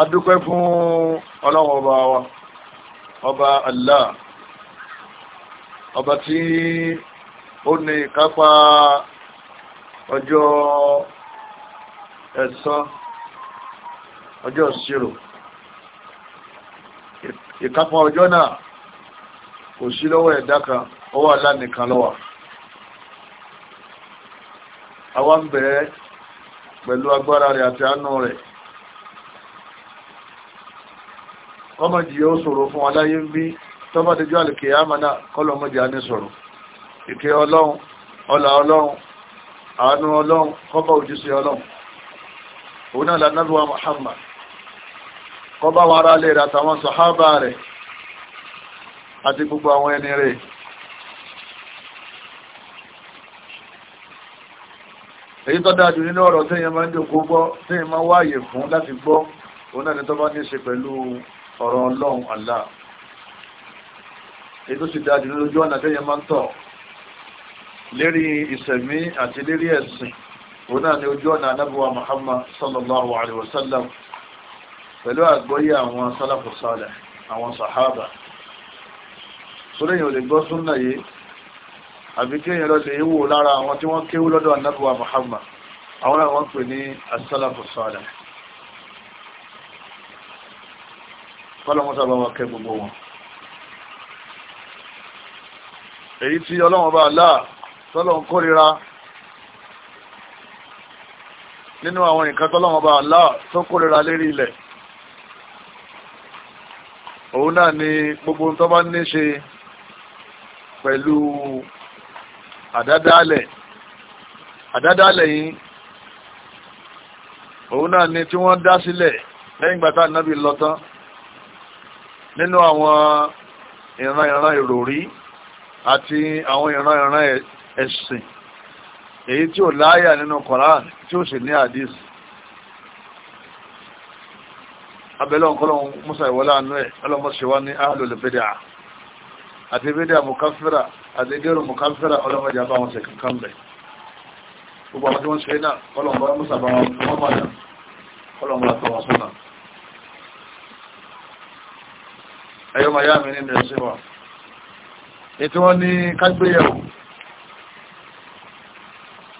adúpẹ́ fún ọlọ́run ọba wa ọba Allah ọba tí ó ní ìkápá ọjọ́ ẹ̀san ọjọ́ ìṣirò ìkápá ọjọ́ náà kò sí lọ́wọ́ ẹ̀dá kan ó wà lánìkan ló wà ń bẹ̀ẹ́ pẹ̀lú agbára rẹ̀ àti àánú rẹ̀ kọmọdì yóò sọ̀rọ̀ fún aláyé ń bí tọ́bàdéjọ́ alìkèyàmà náà kọlọmọdì á ní sọ̀rọ̀ ìkẹ́ ọlọ́run ọlà ọlọ́run àánú ọlọ́run kọ́bà òjíṣẹ́ ọlọ́run òun náà lànàlúwà Muhammad kọ́bà wọn ará lè rà tàwọn sàhábà rẹ̀ àti gbogbo àwọn ẹni rẹ̀ èyí tó dájú nínú ọ̀rọ̀ tẹ́yìn máa ń jòkó gbọ́ tẹ́yìn máa wáyè fún láti gbọ́ òun tó bá ní ṣe pẹ̀lú ọ̀rọ̀ ọlọ́run àlá ètò sì dájú lójú ọ̀nà tẹ́yẹ máa ń tọ̀ lérí ìsẹ̀mí àti lérí ẹ̀sìn òun náà ni ojú ọ̀nà anábíwá Muhammad sallallahu alaihi wasallam pẹ̀lú àgbọ́yé àwọn sálàfù sálẹ̀ àwọn sàhábà sóléyìn ò lè gbọ́ súnnà yìí àbí kí èèyàn lọ lè wò lára àwọn tí wọ́n kéwú lọ́dọ̀ anábíwá Muhammad àwọn àwọn pè ní asálàfù kọ́lọ́wọ́n sábà wà kẹ́ gbogbo wọn èyí tí ọlọ́wọ́n bá láà tọ́lọ́wọ́n kórira nínú àwọn nǹkan tọ́lọ́wọ́n bá láà tó kórira lérí ilẹ̀ òun náà ni gbogbo tó bá ní ṣe pẹ̀lú àdádálẹ̀ àdádálẹ̀ yìí òun náà ni tí wọ́n dá sílẹ̀ lẹ́yìn gbàtà nábì lọ́tán nínú àwọn ìran ìran ìròrí àti àwọn ìran ìran ẹ̀sìn èyí tí ò láyà nínú Koran tí ó sì ní àdìsí abẹ́lẹ́ ọ̀kọ́lọ́hún musa ìwọlá àánú ẹ̀ ọlọ́mọṣẹ́wá ní ahlul bid'ah àti bid'ah mukafira àti gẹ́rù mukafira ọlọ́mọdé àbáwọn ṣe kankan bẹ̀ gbogbo àwọn tí wọ́n ṣe náà ọlọ́mọdé musa bá wọn mọ́mọ́dé ọlọ́mọdé àtọwọ́sọ́nà ẹ̀yọ́ màyá mi nínú ẹ̀sìn wa ètò wọn ní kágbéyàwó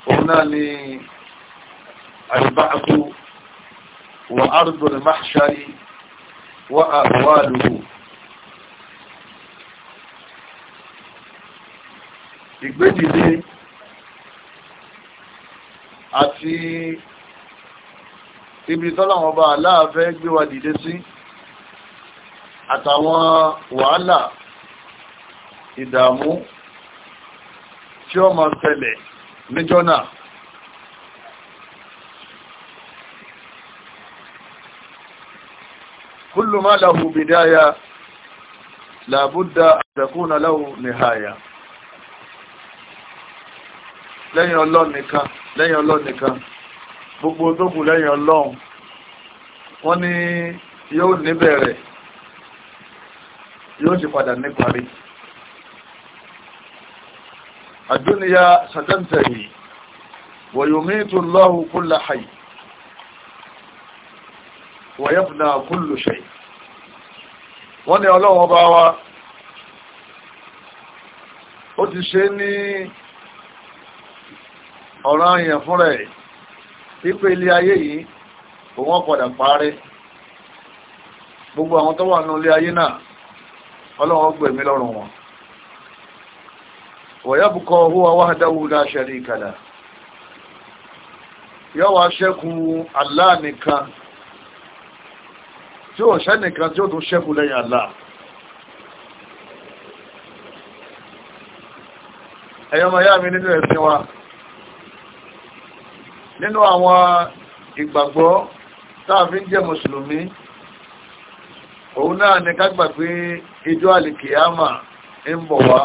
òun náà ní àìbáàkú wà ardùn máṣáyí wà àwọ̀lùkù ìgbédìde àti ibi tọ́lọ̀wọ̀n aláàfẹ́ gbéwà dìde sí si àtàwọn wàhálà ìdààmú tí ó máa ṣẹlẹ̀ níjọ́ náà kullu ma lahu bidaya làbúdá àtẹ̀kúnà lahu nìhàyà lẹ́yìn ọlọ́run nìkan lẹ́yìn ọlọ́run gbogbo tó kù lẹ́yìn ọlọ́run wọ́n ní yóò níbẹ̀rẹ̀ yóò ṣe padà ní parí àdúnìyà sàtẹ́ntẹ̀yì wọ̀yọ̀mí tó lọ́hù kúlà haì wọ̀yẹ́bùnà kúlù ṣe wọ́n ni ọlọ́wọ́ bá wá ó ti ṣe ní ọ̀rọ̀ àyàn fúnra ẹ̀ ilé ayé yìí òun ọ̀pọ̀dà parí gbogbo àwọn tó wà ilé ayé náà ọlọ́run gbẹ̀mí lọ́rùn wọn wọ̀yẹ́bùkọ́ huwa wahdahu la sharika lah yọ́wà ṣẹ́kù Allah nìkan tí ó ṣẹ́ nìkan tí ó tún ṣẹ́kù lẹ́yìn Allah ẹ̀yọ́mọ̀ yá mi nínú ẹ̀sìn wa nínú àwọn ìgbàgbọ́ táàfin jẹ́ mùsùlùmí òun náà ni ká gbà pé ìjọ alìkìyàmà ń bọ̀ wá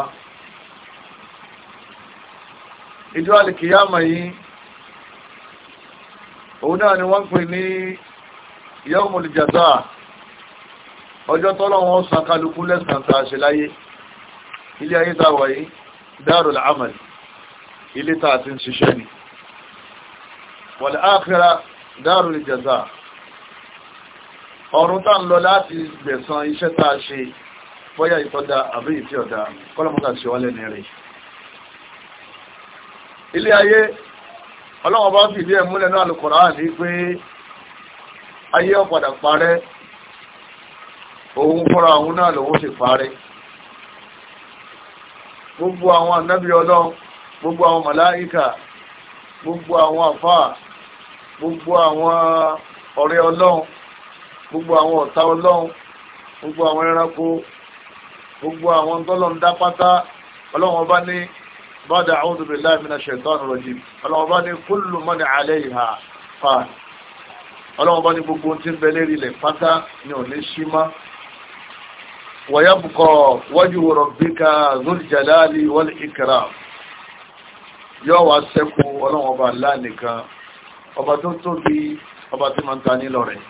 ìjọ alìkìyàmà yìí òun náà ni wọ́n pè ní yawmul jazaa ọjọ́ tọ́lọ́wọ́n san kálukú lẹ́san tàà ṣe láyé ilé ayé tàwà yìí darul amal ilé tàà ti ń ṣiṣẹ́ ni wal akhira darul jazaa ọ̀run tàà ń lọ láti gbẹ̀san iṣẹ́ tàà bọ́yá ìtọ́dá àbí ìtí ọ̀dá kọ́lọ̀mọ́ta ṣe wálẹ̀ ní rẹ̀ ilé ayé ọlọ́wọ́ bá fìdí ẹ̀ múlẹ̀ náà Al-Qur'an ní pé ayé ọ̀padà parẹ́ òun fọ́ra òun náà lòun sì parẹ́ gbogbo àwọn ànábì Ọlọ́run gbogbo àwọn màláíkà gbogbo àwọn àfáà gbogbo àwọn ọ̀rẹ́ Ọlọ́run gbogbo àwọn ọ̀tá Ọlọ́run gbogbo àwọn ẹranko gbogbo àwọn tọ́lọ̀ ń dá pátá ọlọ́run ọba ní bada a'udhu billahi minash shaitani rajim ọlọ́run ọba ní kullu man 'alayha fan ọlọ́run ọba ní gbogbo tí ń bẹ lérí ilẹ̀ pátá ni ò ní ṣí mọ́ wa yabqa wajhu rabbika dhul jalali wal ikram yóò wá sẹ́kù ọlọ́run ọba láà nìkan ọba tó tóbi ọba tí máa ń ta nílọ rẹ̀.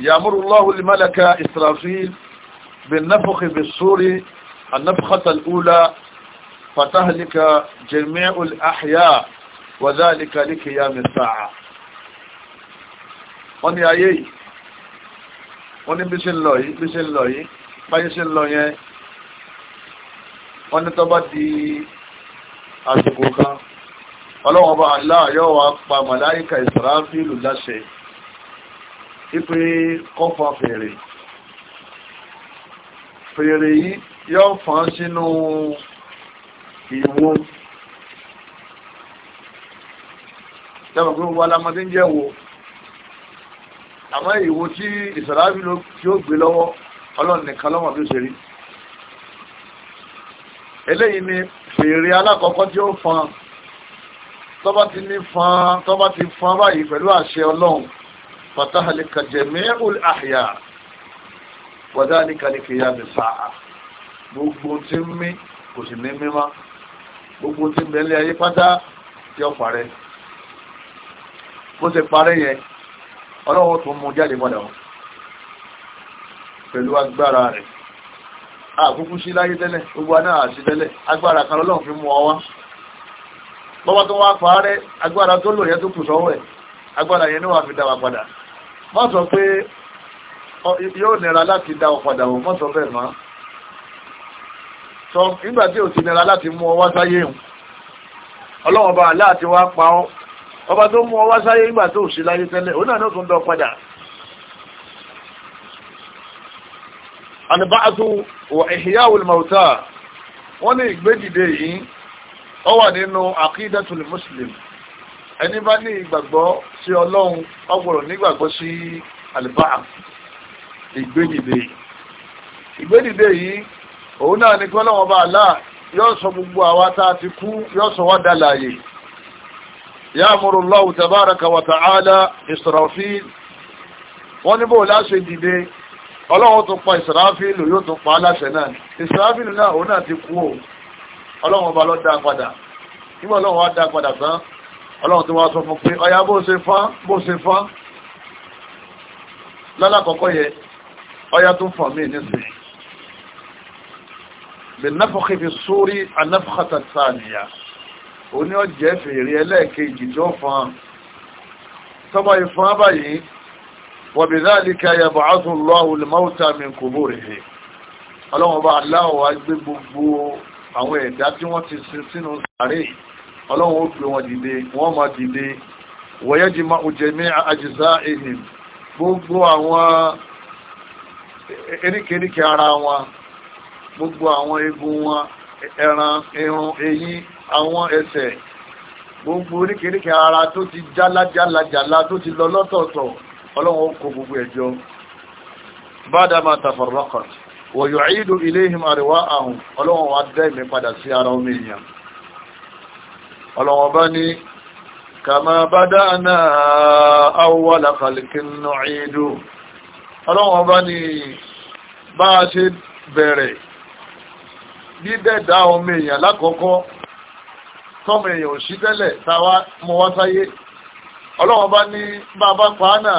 يأمر الله الملك إسرافيل بالنفخ بالصور النفخة الأولى فتهلك جميع الأحياء وذلك لقيام الساعة wọ́n ní ayé yìí wọ́n ní bí ṣe ń lọ yìí bí ṣe ń lọ yìí báyé ṣe ń lọ yẹn wọ́n ní tó bá di àsìkò kan ọlọ́wọ́n bá aláàyọ́ wa pa màláìka ìsàráfíìlù láṣẹ ipe kọfà fèrè fèrè yìí yóò fàn sínú ìwo lẹ́bàá pé wọ́n alamọ́dé ń jẹ́ wo àmọ́ ìwo tí ìsàlábí ló tí ó gbé lọ́wọ́ ọlọ́run nìkan lọ́wọ́ tó ṣe rí eléyìí ni fèrè alákọ̀ọ́kọ́ tí ó fàn tọ́bá ti ní fàn tọ́bá ti fàn báyìí pẹ̀lú àṣẹ ọlọ́run fatahalika jami'ul ahya wadhalika likiyami sa'a gbogbo tí ń mí kò sì ní mímá gbogbo tí ń bẹ̀lẹ̀ ayé pátá tí ó parẹ́ bó ṣe parẹ́ yẹn ọlọ́wọ́ tó mú jáde padà wọn pẹ̀lú agbára rẹ̀ àkúkú sí láyé tẹ́lẹ̀ gbogbo aná àti tẹ́lẹ̀ agbára kan lọ́lọ́run fi mú ọ wá bọ́bá tó wá parẹ́ agbára tó lò yẹn tó kù sọ́wọ́ ẹ̀ agbára yẹn ni wàá fi dá wa padà má sọ pé yóò nira láti dá ọ padà wọ́n má sọ bẹ́ẹ̀ má sọ nígbà tí ò ti nira láti mú ọ wá sáyé hùn ọlọ́wọ́n bá láti wá pa ọ́ ọba tó mú ọ wá sáyé nígbà tó ò sí láyé tẹ́lẹ̀ òun náà ló tún dán padà àdìbáàtú wà ìhìyàwó mọ̀ọ́tà wọ́n ní ìgbédìde yìí ó nínú àkídàtul muslim ẹni bá ní ìgbàgbọ́ sí ọlọ́run ọgbọ̀rọ̀ nígbàgbọ́ sí àlùbáà ìgbédìde ìgbédìde yìí òun náà ní kọ́ lọ́wọ́ bá àlá yóò sọ gbogbo àwa tá ti kú yóò sọ wá dálàyé ya'muru Allahu tabaraka wa ta'ala Israfil wọ́n ní bóòlá ṣe dìde ọlọ́run tó pa Israfilu yóò tó pa aláṣẹ náà Israfilu náà òun náà ti kú o ọba dá padà nígbà wá dá padà tán ọlọ́run tí wọ́n sọ fún pé ọya bó ṣe fá bó ṣe fá lálàkọ́kọ́ yẹ ọya tó fà mí nísìn lè náfọ́kì fi sórí anáfọ́kàtà sáàníyà ó ní ọjẹ́ fèrè ẹlẹ́ẹ̀kejì tó fà sọ́bọ̀ ìfà báyìí wọ̀bí dáàlìkà yàbọ̀ ásùnlọ́wù lèmọ́ta mi kò bóre ọlọ́run bá aláwọ̀ agbé gbogbo àwọn ẹ̀dá tí wọ́n ti sin sínú sàárè ọlọ́run ó fi wọn dìde wọ́n máa dìde wọ̀yẹ́dì máa ò jẹ̀mí àjìzá èyí gbogbo àwọn eríkèríkè ara wọn gbogbo àwọn egun wọn ẹran irun eyín àwọn ẹsẹ̀ gbogbo oríkèríkè ara tó ti jálájálajàlá tó ti lọ lọ́tọ̀ọ̀tọ̀ ọlọ́run ó kó gbogbo ẹ̀jọ́ bádàmà tàfàrọ́kọ̀t wọ̀yọ̀ ìdù ilé ìhìm àríwá àhùn ọlọ́run wá dẹ́ ìmẹ́ padà sí ara omi èèyàn ọlọ́wọ́n bá ní kàmà bada'na awwala khalqin nu'idu ọlọ́wọ́n bá ní bá a ṣe bẹ̀rẹ̀ dídẹ̀dá ọmọ èèyàn lákọ̀ọ́kọ́ tọ́mọ èèyàn ò sí tẹ́lẹ̀ táwa mọ wá sáyé ọlọ́wọ́n bá ní bàbá pàánà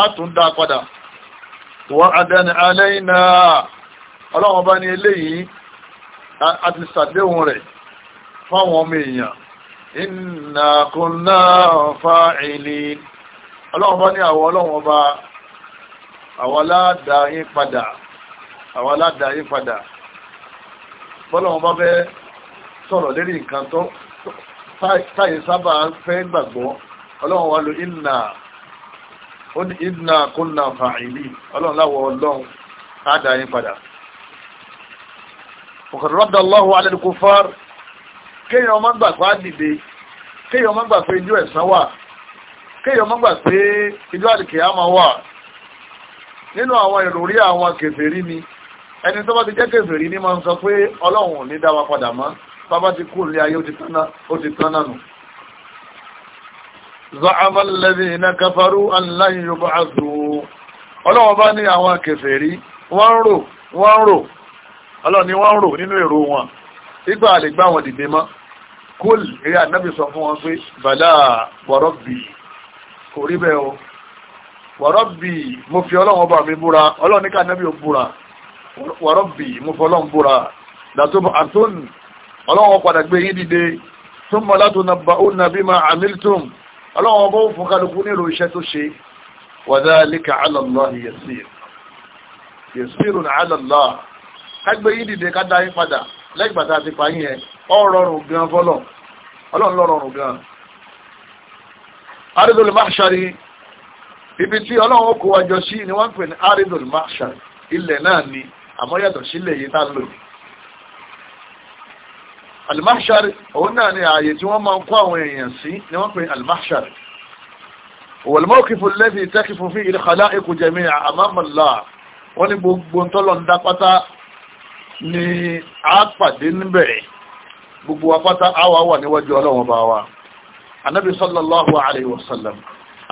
àtúndà padà wọ́n adẹ́ni alayna ọlọ́wọ́n bá ní iná kúnná fáìlì ọlọ́run bá ní àwọn ọlọ́run ọba àwọn aládà yín padà àwọn aládà yín padà bọ́lọ́run bá fẹ́ sọ̀rọ̀ lérí nǹkan tó táyé sábà fẹ́ gbàgbọ́ ọlọ́run wá lo iná ó ní iná kúnná fáìlì ọlọ́run láwọ ọlọ́run á dà padà. وقد رد الله على الكفار kéèyàn ọmọ gbà pé á dìde kéèyàn ọmọ gbà pé ijó ẹ̀san wà kéèyàn ọmọ gbà pé ijó àdìkè àmọ́ wà nínú àwọn ìròrí àwọn kèfèrí ni ẹni tó bá ti jẹ́ kèfèrí ni máa ń sọ pé ọlọ́run ò ní dá wa padà mọ́ bàbá ti kú ní ayé ó ti tán nánu. za'ama alladhina kafaru an lan yub'athu ọlọ́run bá ní àwọn kèfèrí wọ́n ń rò wọ́n ń rò ọlọ́run ni wọ́n ń rò nínú èrò wọn ìgbà àlè gbá wọn dìde mọ́ kúl eré ànábì sọ fún wọn pé bàlá wọ̀rọ̀bì kò rí bẹ́ẹ̀ o wọ̀rọ̀bì mo fi ọlọ́run ọba mi búra ọlọ́run ní ká ànábì ò búra wọ̀rọ̀bì mo fọ ọlọ́run búra dàtúbọ̀ àtún ọlọ́run padà gbé yín dìde túnmọ̀ látún na bá òun nàbí máa àmìlítùm ọlọ́run ọba ó fún kálukú nílò iṣẹ́ tó ṣe wàdá líka alàlá yẹsìr yẹsìrùn alàlá ká gbé yín dìde ká dá yín padà lẹ́gbàtà ti parí yẹn ọ̀rọ̀rùn gan fọ́lọ̀ ọlọ́run lọ́rọ̀rùn gan aridul mahshari ibi tí ọlọ́run ó kó wa jọ sí ni wọ́n ń pè ní aridul mahshari ilẹ̀ náà ni àmọ́ yàtọ̀ sílẹ̀ yìí tá ń lò al-mahshari òun náà ni ààyè tí wọ́n máa ń kó àwọn èèyàn sí ni wọ́n pè ní al-mahshari wal-mawqifu alladhi taqifu fihi al-khala'iqu jami'an amama wọ́n ní gbogbo ń ń dá pátá ni a pàdé níbẹ̀ gbogbo apáta àwa wà níwájú ọlọ́wọ́n bá wa anábì sallallahu alayhi wa sallam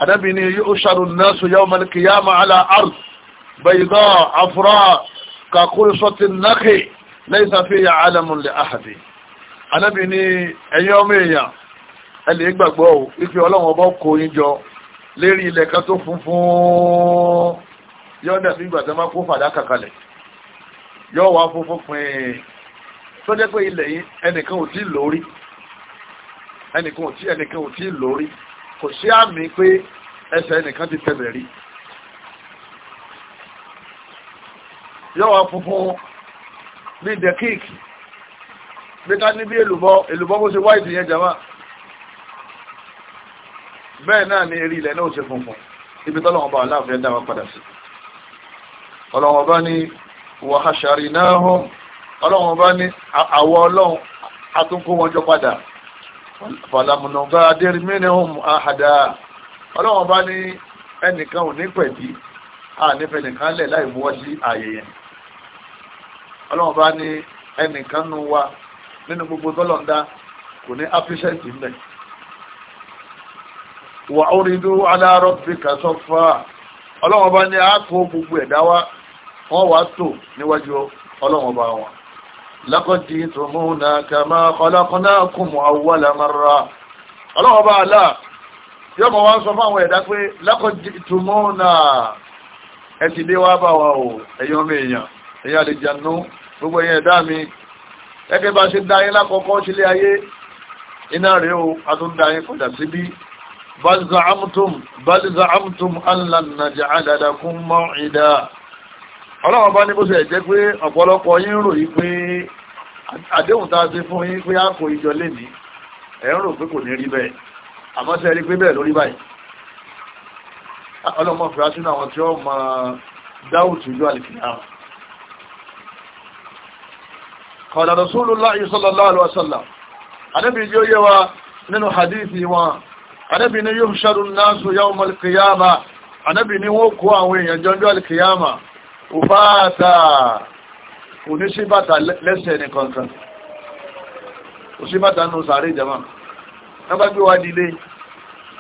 anábì ni yusharu an-nasu yawm al-qiyamah ala ard bayda afra ka qulsati an-nakhi laysa fiha alamun li ahadi anábì ni ẹ̀yin ọmọ èèyàn ẹlẹ́ ìgbàgbọ́ ife ọlọ́wọ́n bá kó yín jọ lérí ilẹ̀ kan tó funfun yọ́ndà sí ìgbà tó máa kó fàdákà kalẹ̀ yóò wá fún fúnfún ẹ̀ eh, tó jẹ́ pé ilẹ̀ yìí ẹnìkan ò tí lórí ẹnìkan ò tí ẹnìkan ò tí lórí kò sí àmì pé ẹsẹ̀ ẹnìkan ti tẹ̀lẹ̀ rí yóò wá funfun ní the cake bí ká ní bí èlùbọ́ èlùbọ́ bó ṣe wáìtì yẹn jama bẹ́ẹ̀ náà ni eré ilẹ̀ náà ṣe funfun ibi tọ́lọ́wọ́n bá aláàfin dáwà padà sí ọlọ́wọ́n bá ní wàhásàrì náà hàn ọlọ́run bá ní àwọ̀ ọlọ́run àtúnkó wọn jọ padà fàlàmùnà bá adérí mẹ́rin àhàdà ọlọ́run bá ní ẹnìkan ò ní pẹ̀bí ànífẹ́ nìkan lẹ̀ láì buwọ́ sí ààyè yẹn ọlọ́run bá ní ẹnìkan nù wa nínú gbogbo tọ́lọ̀ndá kò ní áfíṣẹ́ǹtì mẹ́ wà orí dúró aláàárọ̀ bí kà sọ́fà ọlọ́run bá ní àákó gbogbo ẹ̀dá wa wọ́n wá tò níwájú ọlọ́run ọba wọn lákọ̀dí tòmúnà kàmá kọlákọ́nà kùmù àwọ̀lá mara ọlọ́run ọba àlá tí ọmọ wa ń sọ fáwọn ẹ̀dá pé lákọ̀dí tòmúnà ẹ ti dé wá bá wa o ẹ̀yọ́ mi èèyàn èèyàn lè jànú gbogbo ẹ̀yẹn ẹ̀dá mi ẹgbẹ́ bá ṣe dá yín lákọ̀ọ́kọ́ sílé ayé iná rẹ̀ o atúndá yín fọ̀dà síbí bal za'amtum bal za'amtum an lan naj'ala lakum maw'ida ọlọ́wọ́n bá ní bó ṣe jẹ́ pé ọ̀pọ̀lọpọ̀ yín rò yí pé àdéhùn tá a ti fún yín pé a kò ìjọ lénìí ẹ̀ ń rò pé kò ní rí bẹ́ẹ̀ àmọ́ ṣe rí pé bẹ́ẹ̀ lórí báyìí ọlọ́mọ fìlà sínú àwọn tí ó máa dáhùn tìjú àlìkìyàmù kọ̀lá rasulullahi sallallahu alaihi wasallam anábi yóò yẹ wa nínú hadithi wọn anábi ni yuhsharu an-nasu yawm al-qiyama anábi ni wọ́n òfáàtà oníṣíbàtà lẹ́sẹ̀ nìkankan òṣíbàtà nù sàárè ìjàmà nígbà gbé wá dìde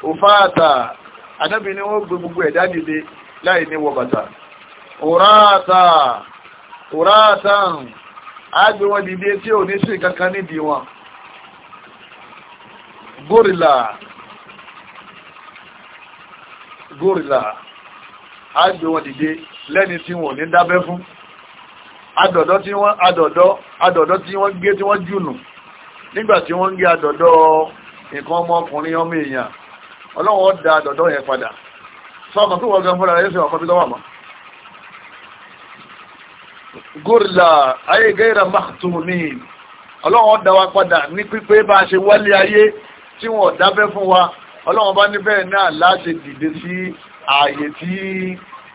òfáàtà anábì ni wọ́n gbé gbogbo ẹ̀dá dìde láì ní wọ bàtà òráàtà òráàtà àgbé wọn dìde tí ò ní sí kankan níbi wọn górìlà górìlà àgbé wọn dìde lẹ́ni tí wọ́n ní dábẹ́ fún adọ̀dọ́ tí wọ́n adọ̀dọ́ adọ̀dọ́ tí wọ́n gé tí wọ́n jùnù nígbà tí wọ́n gé adọ̀dọ́ nǹkan ọmọkùnrin ọmọ èèyàn ọlọ́wọ́ da adọ̀dọ́ yẹn padà sọ́ọ̀mọ̀ tó wọ́n gan fúnra rẹ̀ sọ̀rọ̀ kọ́bí lọ́wọ́ mọ́ gúrlà ayé gẹ́rà máàtùmí ọlọ́wọ́ a ṣe wálé ayé tí wọ́n dábẹ́ fún wa ọlọ́wọ́ bá níbẹ̀ náà láti dìde sí tí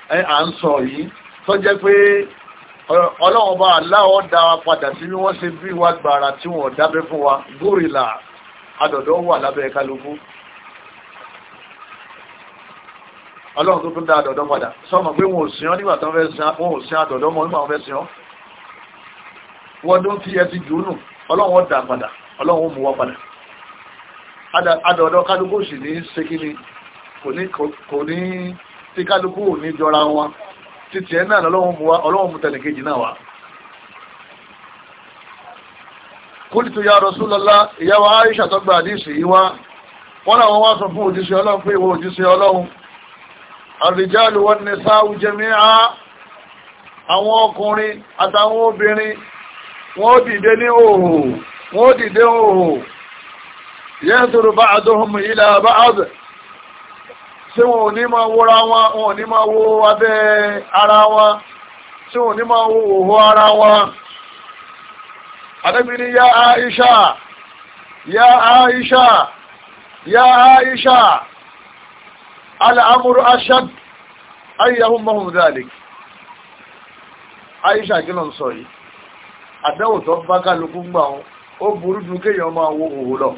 à ń sọ yìí tó jẹ́ pé ọlọ́run bá aláwọ̀ dá wa padà sí bí wọ́n ṣe bí wa gbàrà tí wọ́n dábẹ́ fún wa górìlà adọ̀dọ̀ wà lábẹ́ kálukú ọlọ́run tó tún dá àdọ̀dọ́ padà sọ́mọ̀ pé wọn ò sin ọ́ nígbà tán fẹ́ sin wọn ò sin àdọ̀dọ́ mọ́ nígbà wọn fẹ́ sin ọ́ wọ́n tó ń fi ẹtì jù nù ọlọ́run dá padà ọlọ́run mú wa padà àdọ̀dọ́ kálukú sì ní ṣe ni kò ní tí kálukú ò ní jọra wọn títí ẹ̀ náà ọlọ́wọ́n mú tẹnì kejì náà wá. kúlìtù ya Rasulullah ìyàwó Aisha tó gba àdìsí yìí wá wọ́n làwọn wá sọ fún òjíṣẹ́ ọlọ́run pé ìwọ òjíṣẹ́ ọlọ́run àrìjáàlù wọn ni sáwù jẹmí á àwọn ọkùnrin àtàwọn obìnrin wọ́n dìde ní òhò wọ́n dìde òhò yẹ́sùrù ba'duhum ila ba'd tí wọn ò ní máa wóra wọn wọn ò ní máa wo abẹ́ ara wọn tí wọn ò ní máa wo òhó ara wọn àdẹ́bí ni yá Aisha yá Aisha yá Aisha al'amuru ashad ayyahun aisha zalik Aisha gina sọ yìí àdáwò tó bá kálukú gbà wọn ó burú ju kéèyàn máa wo òhó lọ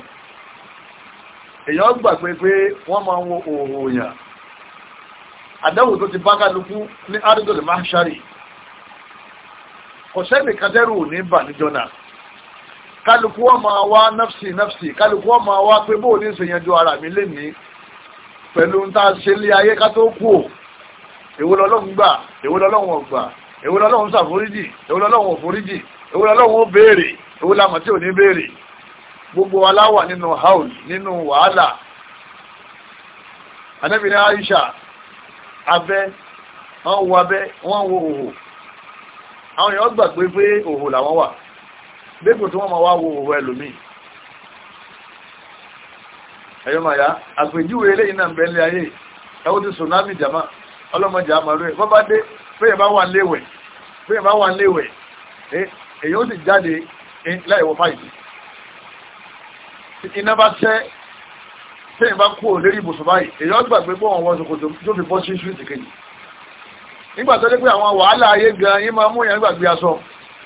èyàn gbà pé pé wọ́n máa wo òòrùn òyàn àdáwò tó ti bákàlùkù ní àdúgbòlè máa ṣáré kò sẹ́ni kádẹ́rù ní bà níjọ́ náà kálukú wọ́n máa wá nafsi nafsi kálukú wọ́n máa wá pé bóò ní ìṣèyànjú ara mi lénìí pẹ̀lú ń tá a ṣe lé ayé ká tó kú ò èwo lọ́lọ́run gbà èwo lọ́lọ́run ọ̀gbà èwo lọ́lọ́run ṣàforíjì èwo lọ́lọ́run òforíjì èwo lọ́lọ́run ó béèrè èwo lamọ̀ tí ò ní béèrè gbogbo wa láwà nínú haul nínú wàhálà anabi Aisha abẹ́ wọ́n wo abẹ́ wọ́n wo òhò àwọn èèyàn gbà pé pé òhò làwọn wà bẹ́ẹ̀kùn tí wọ́n máa wá wo òhò ẹlòmíì ẹ̀yọ́mọ̀yá àpèjúwe eléyìí náà bẹ́ẹ̀lẹ̀ ayé ẹwọ́ ti tsunami jama ọlọ́mọdé àmàlú ẹ̀ bọ́bá dé péyẹ̀ bá wà léwẹ̀ péyẹ̀ bá wà léwẹ̀ èyí ó sì jáde láìwọ fáìlì títí iná bá tẹ́ tẹ́yìn bá kú lérí ibùsùn báyìí èyàn gbàgbé bọ́ wọn wọ́n ṣòkòtò tó fi bọ́ sí ṣúìtì kejì nígbà tó dé pé àwọn wàhálà ayé gan yín máa mú yẹn gbàgbé aṣọ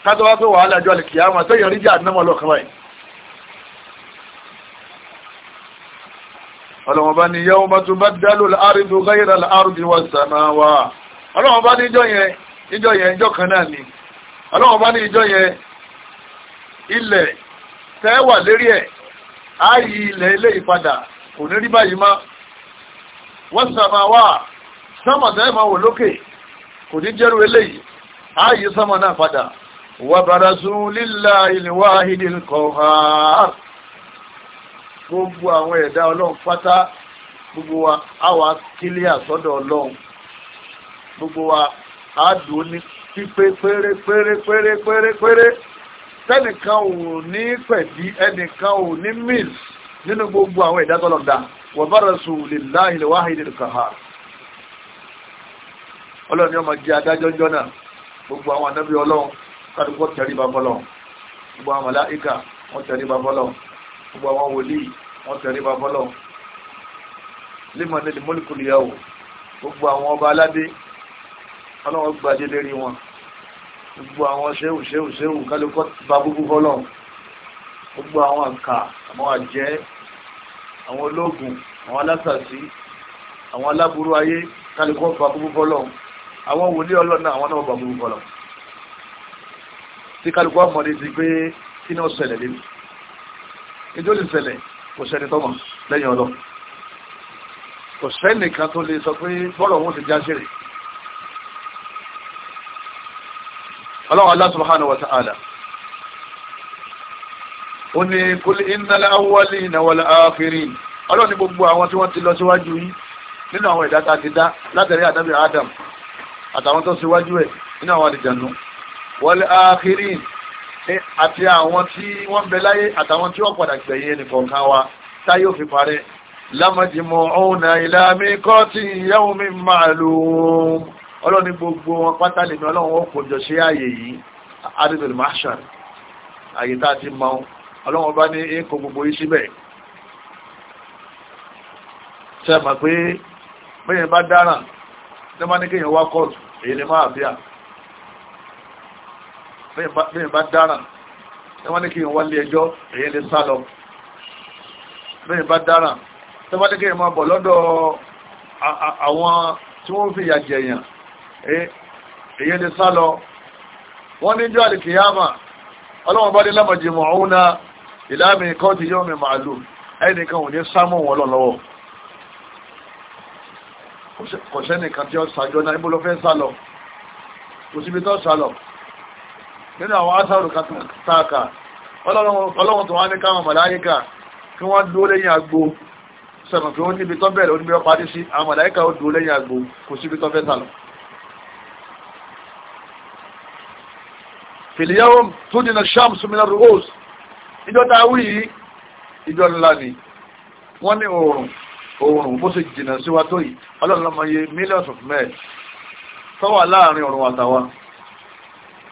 kátó wá pé wàhálà jọ àlè kìá wọn tẹ́yìn oríjà àdínámọ̀ lọ́kàn báyìí. ọlọ́wọ́n bá ní yẹ́wọ́n bá tún bá dálò láàrídò gáyẹ̀rà láàrídò wà sàmáwà ọlọ́wọ́n bá ní ìjọ yẹn ìjọ yẹn ìjọ kan náà ni ọlọ́wọ́n bá ní ìjọ yẹn ilẹ̀ tẹ́wà lérí ẹ̀ ààyè ilẹ̀ ilé ìpadà kò ní rí báyìí má wọ́n sàmà wà sánmà tẹ́ wò lókè kò ní jẹ́rù eléyìí ààyè sánmà náà padà wà gbogbo ní tẹ́nìkan ò ní pẹ̀lú ẹnìkan ò ní mìs nínú gbogbo àwọn ẹ̀dá tọ́lọ̀dá wa barazu lillahi al-wahidil qahhar ọlọ́ni ọmọ jẹ́ adájọ́ jọ́nà gbogbo àwọn anábí ọlọ́run kádùkọ́ tẹ̀rí bá bọ́lọ̀ gbogbo àwọn màláíkà wọ́n tẹ̀rí bá bọ́lọ̀ gbogbo àwọn wòlíì wọ́n tẹ̀rí bá bọ́lọ̀ limanil mulku al-yawm gbogbo àwọn ọba aládé ọlọ́run gbàdé lérí wọn gbogbo àwọn ṣéwù ṣéwù ṣéwù kálukọ́ bá gbogbo fọ́lọ́ gbogbo àwọn àǹkà àwọn àjẹ́ àwọn ológun àwọn alásàsí àwọn aláburú ayé kálukọ́ bá gbogbo fọ́lọ́ àwọn wòlíì ọlọ́nà àwọn náà bá gbogbo fọ́lọ́ tí kálukọ́ mọ̀lẹ́ ti pé kí ni ó ṣẹlẹ̀ lé ìjọ lè ṣẹlẹ̀ kò sẹ́ni tọ́mọ̀ lẹ́yìn ọlọ́ kò sẹ́nìkan tó lè sọ pé bọ́lọ̀ wọn ti já ṣe rèé ọlọ́run Allah subhanahu wa ta'ala ó ní kul innal awwalina wal akhirin ọlọ́run ní gbogbo àwọn tí wọ́n ti lọ síwájú yín nínú àwọn ẹ̀dá tá a ti dá látẹ̀rí àdábì Adam àtàwọn tó síwájú ẹ̀ nínú àwọn àdìjànú wal akhirin àti àwọn tí wọ́n bẹ láyé àtàwọn tí wọ́n padà gbẹ̀yìn ẹnìkọ̀ọ̀kan wa táyé òfin parẹ́ lamajmu'una ila miqati yawmin ma'lum ọlọ́ni gbogbo wọn pátá lèmi ọlọ́run ó kòjọ sí ààyè yìí adébẹ̀lì mahshar ààyè tá a ti mọ ọlọ́run bá ní èkó gbogbo yìí síbẹ̀ ṣe mọ̀ pé bẹ́yẹn bá dáràn tí wọ́n ní kéèyàn wá kọ́ọ̀tù èyí ni máa bíà bẹ́yẹn bá dáràn tí wọ́n ní kéèyàn wá lé ẹjọ́ èyí ni sá lọ bẹ́yẹn bá dáràn tí wọ́n ní kéèyàn máa bọ̀ lọ́dọ̀ àwọn tí wọ́n fi yà jẹ̀yàn èyí lè sá lọ wọ́n ní jọ́ àlìkìyàmà ọlọ́wọ́n bá dé lámàjì mọ̀ọ́nà ìlàmì kọ́ọ̀tì yóò mi màálù ẹnìkan ò ní sámú wọn lọ lọ́wọ́ kò sẹ́nìkan tí ó sàjọ́ náà ibo ló fẹ́ sá lọ kò síbi tó sá lọ nínú àwọn átàrù kàtàkà ọlọ́wọ́n tó wá ní káwọn màláyíkà kí wọ́n dúró lẹ́yìn àgbo sẹ̀mọ̀ níbi tó bẹ̀rẹ̀ parí sí àwọn màláyíkà ó dúró lẹ́yìn àgbo kò síbi tó fẹ́ fìlíyàwó tó dínà shams min ar-ru'us ìjọ tá a wí yìí ìjọ ńlá ni wọ́n ní oòrùn oòrùn bó ṣe jìnà sí wa tó yìí ọlọ́lọ́mọye millions of men tọ́wà láàrin oòrùn àtàwa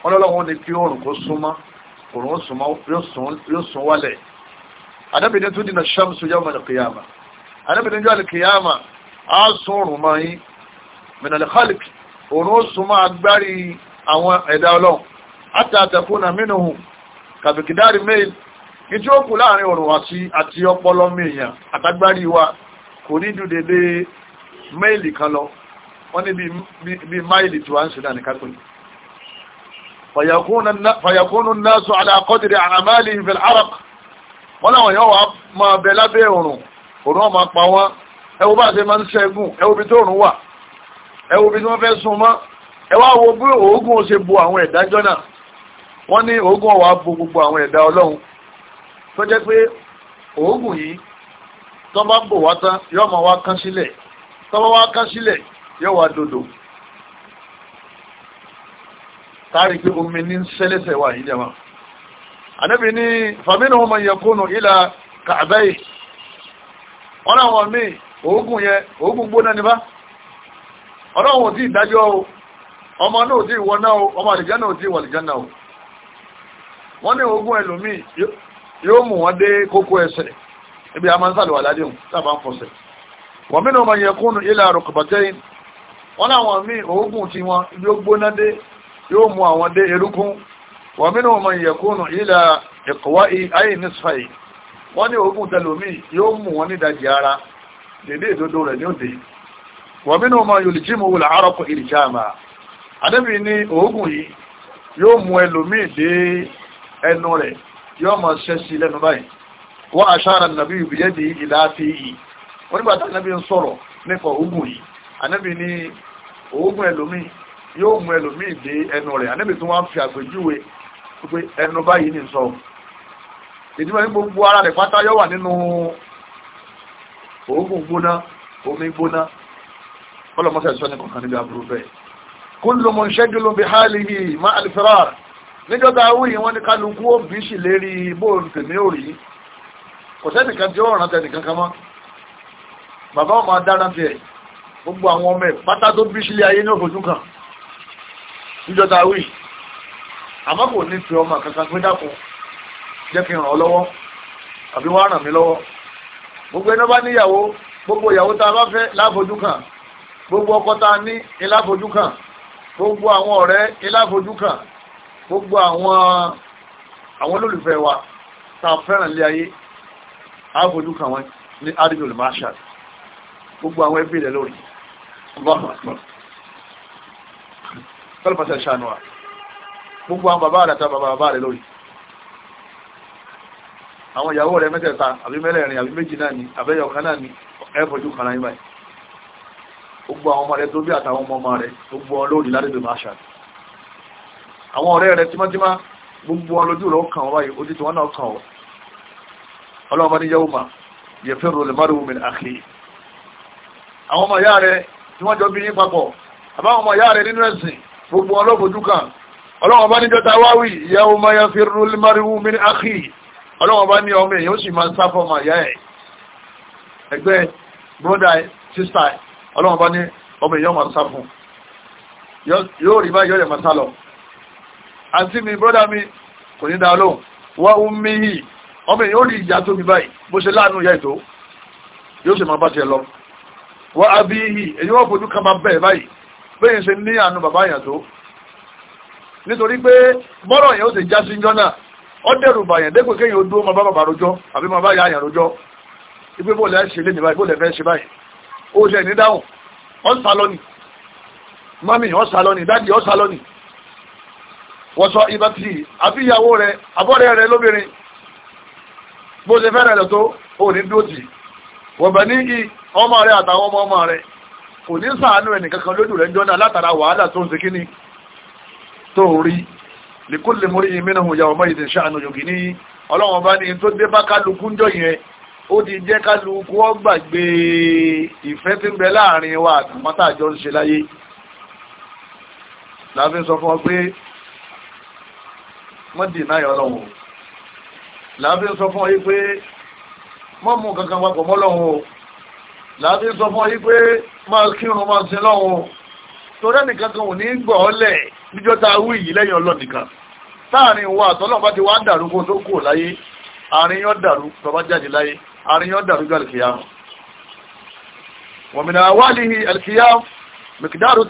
ọlọ́lọ́wọ́n ni kí oòrùn kó súnmọ́ oòrùn yóò sún wálẹ̀ adábìnrin tó dínà shams yawma al-qiyamah adábìnrin jọ́ al á sún oòrùn mọ́ yín min al-khalq ó súnmọ́ agbárí àwọn ẹ̀dá ọlọ́run àtà àtẹ̀kùnà mínú kàbìkìdárì mail ní tí ó kù láàrin ọ̀rọ̀ àti àti ọpọlọ àtagbárí wa kò ní ju dédé mail kan lọ wọ́n ní bí máìlì tí wà ń sinà ní kápẹ́ fàyàkúnnù náàsù àmàlì arab wọ́n máa bẹ lábẹ́ òrùn pa bá ṣe máa ń bí tó òrùn wà bí fẹ́ sun mọ́ wọ́n ní oògùn ọ̀wà bú gbogbo àwọn ẹ̀dá ọlọ́run tó jẹ́ pé oògùn yìí tó bá bò wá tán yóò máa wá kán sílẹ̀ tó bá wá kán sílẹ̀ yóò wá dòdò táàrí pé omi ní wà yìí ní fàmínà wọn máa ìlà kàbẹ́yì wọ́n náà wọ́n yẹ gbóná bá ọmọ náà ò ọmọ náà ò tí ìwọ wọ́n ní ogún ẹlòmíì yóò mú wọn dé kókó ẹsẹ̀ ibi a máa ń sàlùwà ládéhùn sábà ń fọsẹ̀ wọ́n mí ní ọmọ yẹn ilẹ̀ àrùkọ̀bọ̀tẹ́yìn wọ́n láwọn míì ogún tí wọn ibi ó gbóná dé yóò mú àwọn dé erúkún wọ́n mí ní ọmọ yẹn ilẹ̀ ẹ̀kọ́wá ayé wọ́n ní ara dédé ìdodo rẹ̀ ní òde wọ́n mí ní ọmọ wùlà ní yìí yóò mú ẹlòmíì dé ẹnu rẹ̀ yóò mọ̀ ṣẹ́ sí lẹ́nu báyìí wọ́n aṣáára nàbí ìbíyẹ́dì ìlà fi yìí wọ́n nígbà tí anábì ń sọ̀rọ̀ nípa ogun yìí anábì ní ogun ẹlòmíì yóò mú ẹlòmíì dé ẹnu rẹ̀ anábì tí wọ́n fi àpèjúwe pé ẹnu báyìí ní sọ ìdíbọn ní gbogbo ara rẹ̀ pátá yóò wà nínú ogun gbóná omi gbóná ọlọmọsẹ sọ kankan níbi àbúrò bẹ́ẹ̀ kúndùnmọ̀ ṣẹ́gun ló bí hálì yìí má àlìfẹ́ràn níjọba awúyí wọ́n ní kálukú ó bí sì lérí bóòlù tèmi ò rí kò sẹ́nìkan tí ó ràn tẹnìkan kan mọ́ bàbá ọmọ adára ti ẹ̀ gbogbo àwọn ọmọ ẹ̀ pátá tó bí sílé ayé ní òfojú kan níjọba awúyí àmọ́ kò ní fi ọmọ kankan pé dákun jẹ́ kí n ràn ọ́ lọ́wọ́ àbí wàá ràn mí lọ́wọ́ gbogbo ẹni bá níyàwó gbogbo ìyàwó tá a bá fẹ́ láfojú kan gbogbo ọkọ tá a ní ìláfojú kan gbogbo àwọn ọ̀rẹ́ ìláfojú kan gbogbo àwọn àwọn olólùfẹ́ wa tá a fẹ́ràn lé ayé àbójú kan wọn ní adébíyàn marshal gbogbo àwọn ẹbí rẹ̀ lórí tọ́lùpàṣẹ ṣàánúwà gbogbo àwọn bàbá rẹ̀ àtàbàbà bàbá rẹ̀ lórí àwọn ìyàwó rẹ̀ mẹ́tẹ̀ẹ̀ta àbí mẹ́lẹ̀rin àbí méjì náà ni àbẹ́yọ̀ kan náà ni ẹ̀fọ́jú kan náà báyìí gbogbo àwọn ọmọ rẹ̀ tó bí àtàwọn ọmọ rẹ̀ gbogbo ọlọ́ọ̀dì ládébẹ̀ máa àwọn ọ̀rẹ́ rẹ̀ tímọ́tímọ́ gbogbo wọn lójú rẹ̀ ó kàn wọ́n báyìí ojú tí wọ́n náà kàn wọ́n ọlọ́run bá ní yẹ́wò mà yẹ fẹ́ rọlẹ̀ má rọwọ́ mìíràn àkè àwọn ọmọ ìyá rẹ̀ tí wọ́n jọ bí yín papọ̀ àbáwọn ọmọ ìyá rẹ̀ nínú ẹ̀sìn gbogbo wọn lọ́fojú kan ọlọ́run bá ní jọta wáwì yẹ́wò mà yẹ fẹ́ rọlẹ̀ má rọwọ́ mìíràn àkè àǹtí mi mi kò ní dá wá omi yìí ọmọ èèyàn ó rí ìyá tóbi báyìí bó ṣe láàánú ìyá ètò yóò ṣe máa bá ẹ lọ wá abí yìí èyí wọ́n fojú kan máa báyìí bẹ́ẹ̀ ṣe ní àánú bàbá yàn tó nítorí pé bọ́rọ̀ yẹn ó ti já sí jọ́ náà ó dẹ̀rù bàyàn dẹ́kun kéèyàn ó dúró máa bá bàbá rojọ́ àbí máa bá yà àyàn rojọ́ bó ṣe báyìí bó fẹ́ wọ́sọ ìbátí àbí ìyàwó rẹ̀ àbọ́rẹ̀ rẹ̀ lóbìnrin bó ṣe fẹ́rẹ̀ rẹ̀ tó ò ní bí ó ti wọ̀bẹ̀ ní i ọmọ rẹ̀ àtàwọn ọmọ ọmọ rẹ̀ kò ní sàánú ẹnìkankan lójú rẹ̀ jọ́nà látara wàhálà tó ń ṣe kíní tó rí likulli mri'in minhum yawma idhin sha'nun yughnihi ọlọ́wọ́n bá ní tó dé bá kálukú ń jọ yẹn ó ti jẹ́ kálukú ó gbàgbé ìfẹ́ tí ń bẹ láàrin wa àtàwọn tá àjọ ń ṣe láyé láàfin sọ fún ọ pé mọ́dì náà yọ lọ́wọ́ làbí sọ fún ọ yí pé mọ́ mú kankan papọ̀ mọ́ lọ́wọ́ o làbí sọ fún ọ yí pé máa kírun máa sin lọ́wọ́ o torí ẹnìkan kan ò ní gbọ́ ọ lẹ̀ níjọ́ tá a wí yìí lẹ́yìn ọlọ́ nìkan táàrin wa àtọ́lọ́n bá ti wá dàrú kó tó kù láyé àárín yọ́ dàrú bàbá jáde láyé àárín yọ́ dàrú jọ wọ̀mìnà wà líhi alìkìyàmù mìkìdárù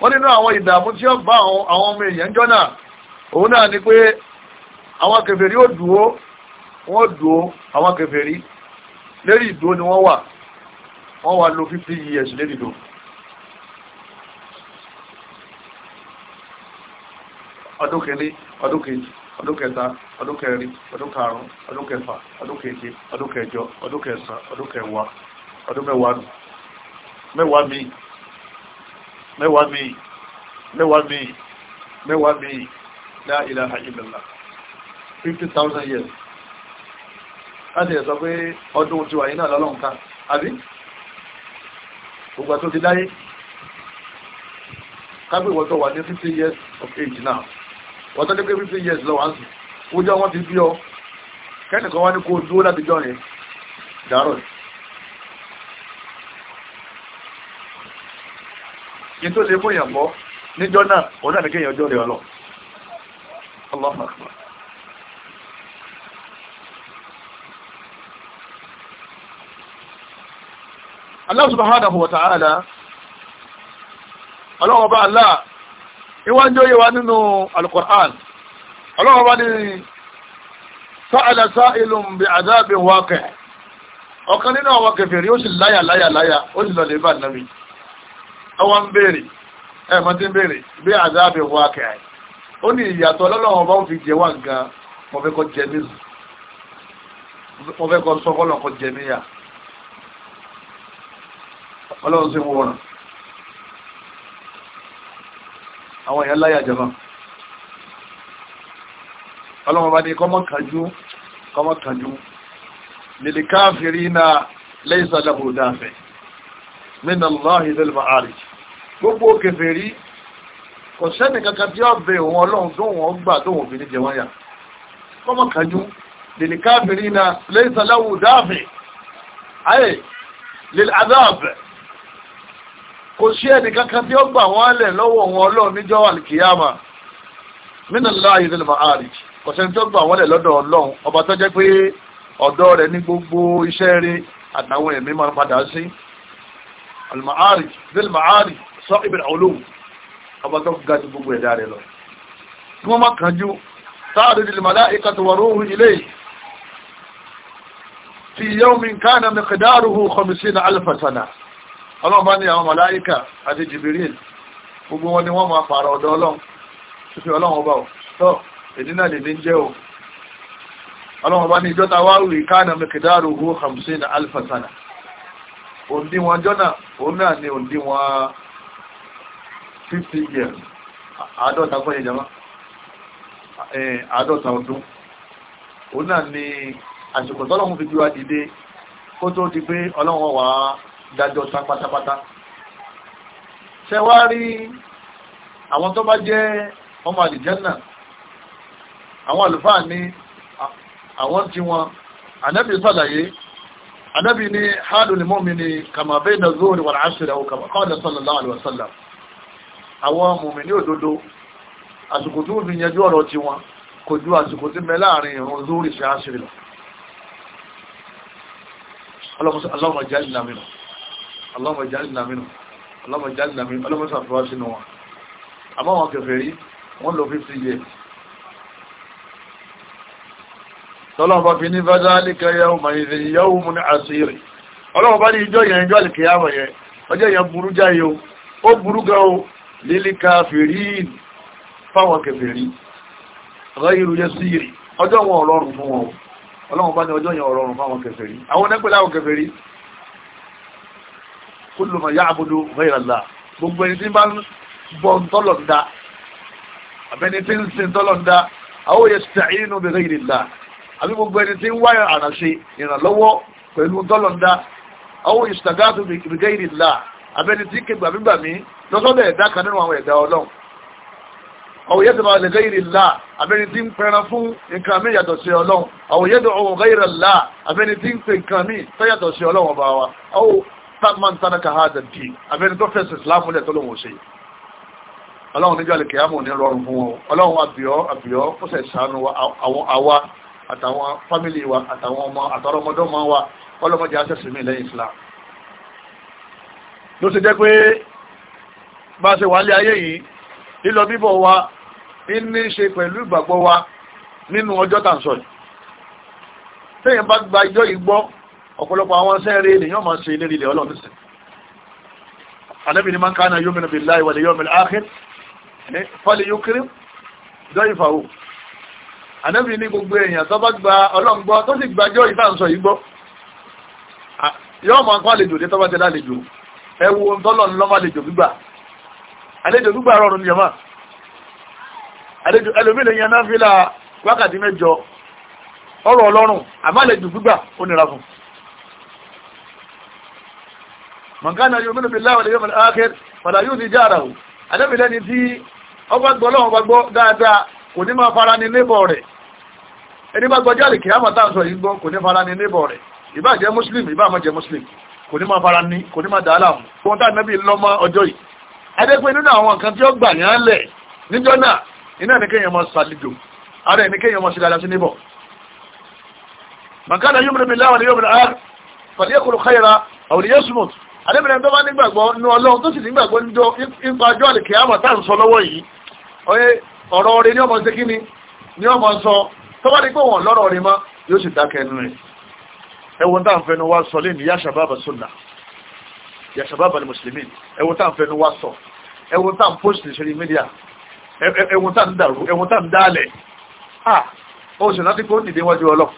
wọ́n nínú àwọn ìdààmú tí ó bá àwọn ọmọ èèyàn jọ́nà òun náà ni pé àwọn kèfèrí ó dúó wọ́n dúó àwọn kèfèrí lérí ìdúó ni wọ́n wà wọ́n wà fífí 50 years lérí ìdúó ọdún ọdún ọdún kẹta ọdún ọdún ọdún kẹfà ọdún ọdún kẹjọ ọdún kẹsàn ọdún kẹwàá ọdún mẹ́wàá míì mẹ́wàá míì mẹ́wàá míì la ilaha illallah 50,000 years láti ẹ̀sọ pé ọdún tí wà ní náà lọ́lọ́run ká àbí gbogbo tó ti dáyé kábíwọ̀ tó wà ní 50 years of age now wọ́n tó dégbé 50 years lọ wáńsì ó jẹ́ wọ́n ti bí ọ kẹ́nìkan wá ní kó dúró láti jọ yẹn dárọ̀ yìí yìí tó lè mú èèyàn bọ́ níjọ́ náà òun náà ní kéèyàn ọjọ́ rẹ̀ ọlọ́ Allahu Akbar Allah subhanahu wa ta'ala ọlọ́wọ́ bá Allah ìwọ́n jẹ́ yíwa nínú al-Qur'an ọlọ́wọ́ bá ní sa'ala sa'ilun bi azabin waqi' ọ̀kan nínú àwọn kèfèrí ó sì láyà láyà láyà ó sì lọ lè bá nàbí ọwọ́ ń béèrè ẹ̀mọ́ tí ń béèrè bí àdáàbẹ̀ wọ akẹ́ ẹ̀ ó ní ìyàtọ̀ ọlọ́lọ́wọ́ bá ń fi jẹ wá gan mo fẹ́ kọ́ jẹ nílùú mo fẹ́ kọ́ sọ fọ́lọ́ kọ́ jẹ níyà ọlọ́run sí wọ́n àwọn èèyàn láyà jẹ́ náà ọlọ́run bá ní kọ́mọ́ kànjú kọ́mọ́ kànjú lèlè náà lẹ́yìn sálẹ̀ òdáfẹ́ mínà lọ́hìn lẹ́lẹ̀ máa gbogbo kẹfẹ́ rí kò sẹ́ni kankan tí ó bẹ òun ọlọ́run tó wọ́n gbà tó wọ́n fi ní jẹ wáyà kọ́mọ kájú lèlè káfìrí na lẹ́yìn aláwò dáàfẹ́ ayé lèlè adáàbẹ̀ kò sí ẹni kankan tí ó gbà wọ́n lẹ̀ lọ́wọ́ òun ọlọ́run níjọ́ àlìkìyàmà mínà láàyè nílùú àárẹ̀ kò sẹ́ni tó gbà wọ́n lẹ̀ lọ́dọ̀ ọlọ́run ọba tó jẹ́ pé ọ̀dọ̀ rẹ̀ ní gbogbo iṣẹ́ rí àtàwọn ẹ̀mí máa padà sí alìmọ̀ àárẹ̀ sọ ibn ulum ọba tó ga ju gbogbo ẹ̀dá rẹ̀ lọ tí wọ́n má kánjú sáàdù lil malaikatu wa ruhu ilayhi fi yawmin kana miqdaruhu khamsina alfa sana ọlọ́run bá ní àwọn màláíkà àti jìbìrín gbogbo jọ́nà òun náà ni òǹdíwọ̀n fifty years àádọ́ta kọ́ yẹn jama àádọ́ta ọdún òun náà ni àsìkò tọ́lọ́hún fi gbé wa dìde kó tó di pé ọlọ́run wà á dájọ́ tán pátápátá ṣe wá rí àwọn tó bá jẹ́ ọmọ àlìjẹ́nà àwọn àlùfáà ní àwọn tí wọn anábì sàlàyé anábì ní hálùlímọ́mí ni kàmàbẹ́ ìdàzóòrì wal asri aw kama qala sallallahu alaihi wasallam àwọn mùmí ní òdodo àsìkò tí wọ́n fi yanjú ọ̀rọ̀ ti wọn kò ju àsìkò tí mẹ́ láàrin ìrun lórí ṣe àṣírí lọ Allahumma ij'alna minhum Allahumma ij'alna minhum Allahumma ij'alna minhum Allahumma sàfihàn sínú wọn àmọ́ wọn kèfèrí wọ́n lò 50 years tọ́lọ́mọ fi ní fadhalika yawma idhin yawmun asir ọlọ́mọ bá ní ìjọ yẹn ìjọ àlìkìyàmọ̀ yẹn ọjọ́ yẹn burú jáyé o ó burú gan o lílíká fèrí fáwọn kèfèrí rẹ́yìnrú yẹ sí ìrì ọjọ́ wọn ọlọ́run fún wọn ọlọ́run bá ní ọjọ́ yẹn ọlọ́run fáwọn kèfèrí àwọn onẹ́pẹ̀lẹ̀ àwọn kèfèrí kullu man ya'budu ghayra Allah gbogbo ẹni tí bá ń bọ ntọ́lọ̀dá àbẹni tí ń sin tọ́lọ̀dá aw yasta'inu bi ghayri Allah abẹ́ni tí ké gbàmígbàmí lọ́sọ́dọ̀ ẹ̀dá kan nínú àwọn ẹ̀dá ọlọ́run ọ̀wòye tó máa lè gẹ́yìrì ńlá abẹ́ni tí ń pẹran fún nǹkan mí yàtọ̀ sí ọlọ́run ọ̀wòye tó ọ̀wọ̀ gẹ́yìrì ńlá abẹ́ni tí ń pè nǹkan mí tó yàtọ̀ sí ọlọ́run ọba wa ọ̀wọ̀ tábàmà tánà ká hàdà dì abẹ́ni tó fẹsẹ̀ síláàmù lẹ̀ tọ́lọ́wọ̀ ṣe ọlọ́run níjọ́ àlè kìyàmù ní rọrùn fún wọn ọlọ́run àbíọ́ àbíọ́ ó sẹ̀ sànù àwọn àwa àtàwọn fámìlì wa àtàwọn ọmọ àtàrọmọdọ́mọ wa ọlọ́mọdé aṣẹ́sìn mi lẹ́yìn islam ló ṣe jẹ́ pé bá ṣe wà lé ayé yìí lílọ bíbọ̀ wa ní ṣe pẹ̀lú ìgbàgbọ́ wa nínú ọjọ́ tàǹsọ̀ yìí tẹ́yìn bá gba ijọ́ yìí gbọ́ ọ̀pọ̀lọpọ̀ àwọn sẹ́ẹ̀rẹ́ ènìyàn máa ṣe lérí ilẹ̀ ọlọ́run sí anábì ni man kana yu'minu billahi wal yawmil akhir falyukrim dayfahu anábì ní gbogbo èèyàn yọ́ máa kọ́ àlejò dé tó bá ẹwu ntọ́lọ̀ ńlọ́mọ àlejò gbígbà àlejò gbígbà rọrùn jẹ̀mà àlejò ẹlòmílẹ̀ yẹn náà fílà wákàtí mẹ́jọ ọ̀rọ̀ ọlọ́run àmọ́ àlejò gbígbà ó nira fún mọ̀nkánà yóò mínú bíláà wọlé yóò mọ̀lẹ́ padà yóò ti ni tí ọgbà kò ní máa fara ní kò ní máa dà á láàmú fún wọn tá ànábì lọ́mọ ọjọ́ yìí adépe nínú àwọn nǹkan tí ó gbà yàn án lẹ̀ níjọ́ náà iná ní kéèyàn máa ṣàlejò ara ẹ̀ ní kéèyàn máa ṣe dáadáa sí níbọ̀ màkàdà yóò mìíràn láwọn yóò mìíràn áàrù pàdé kòrò káyìra àwòrán yóò súnmọ̀ adébìnrin tó bá nígbàgbọ́ nínú ọlọ́run tó sì nígbàgbọ́ níjọ ipa ajọ́ àlèkè àmọ̀ tá à ń sọ lọ́wọ́ yìí ọ̀rọ̀ rẹ̀ ni ọmọ ṣe kí ni ni ọmọ sọ tó bá ní pé wọ́n lọ́rọ̀ rẹ̀ mọ́ yóò sì dákẹ́ ẹnu rẹ̀ ẹwọ́n tá à ń fẹnu wá sọ lẹ́nu ya shabab sunna ya shabab al-muslimin ẹwọ́n tá à ń fẹnu wá sọ ẹwọ́n tá à ń post lórí mídíà ẹwọ́n tá à ń dàrú ẹwọ́n tá à ń dálẹ̀ ah oṣù láti kó nìdí wájú ọlọ́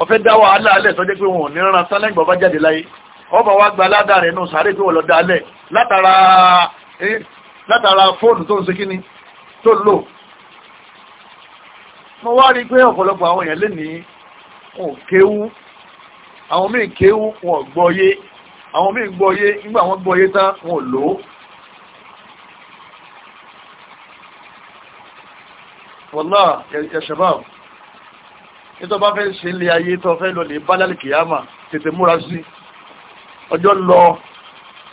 ọ̀fẹ́ dá wàhálà alẹ́ sọ́jẹ́ pé wọn ò ní rán sálẹ́gbọ̀n bá jáde láyé ọba wa gba aládàá rẹ̀ nù sáré pé wọ́n lọ dálẹ̀ látara fóònù tó ń ṣe kíni tó lò mo wá rí pé ọ̀pọ̀lọpọ̀ àwọn èèyàn lénìí wọn ò àwọn míì kéwú wọn gbọ́yé àwọn míì gbọ́yé nígbà wọn gbọ́yé tán wọn lò ó. wọ́lá ẹ̀ṣẹ̀báà nítọ́ bá fẹ́ ṣe ilé ayé tó fẹ́ lọ lè bá lálẹ́ kìyàmà tètè múra sí ọjọ́ lọ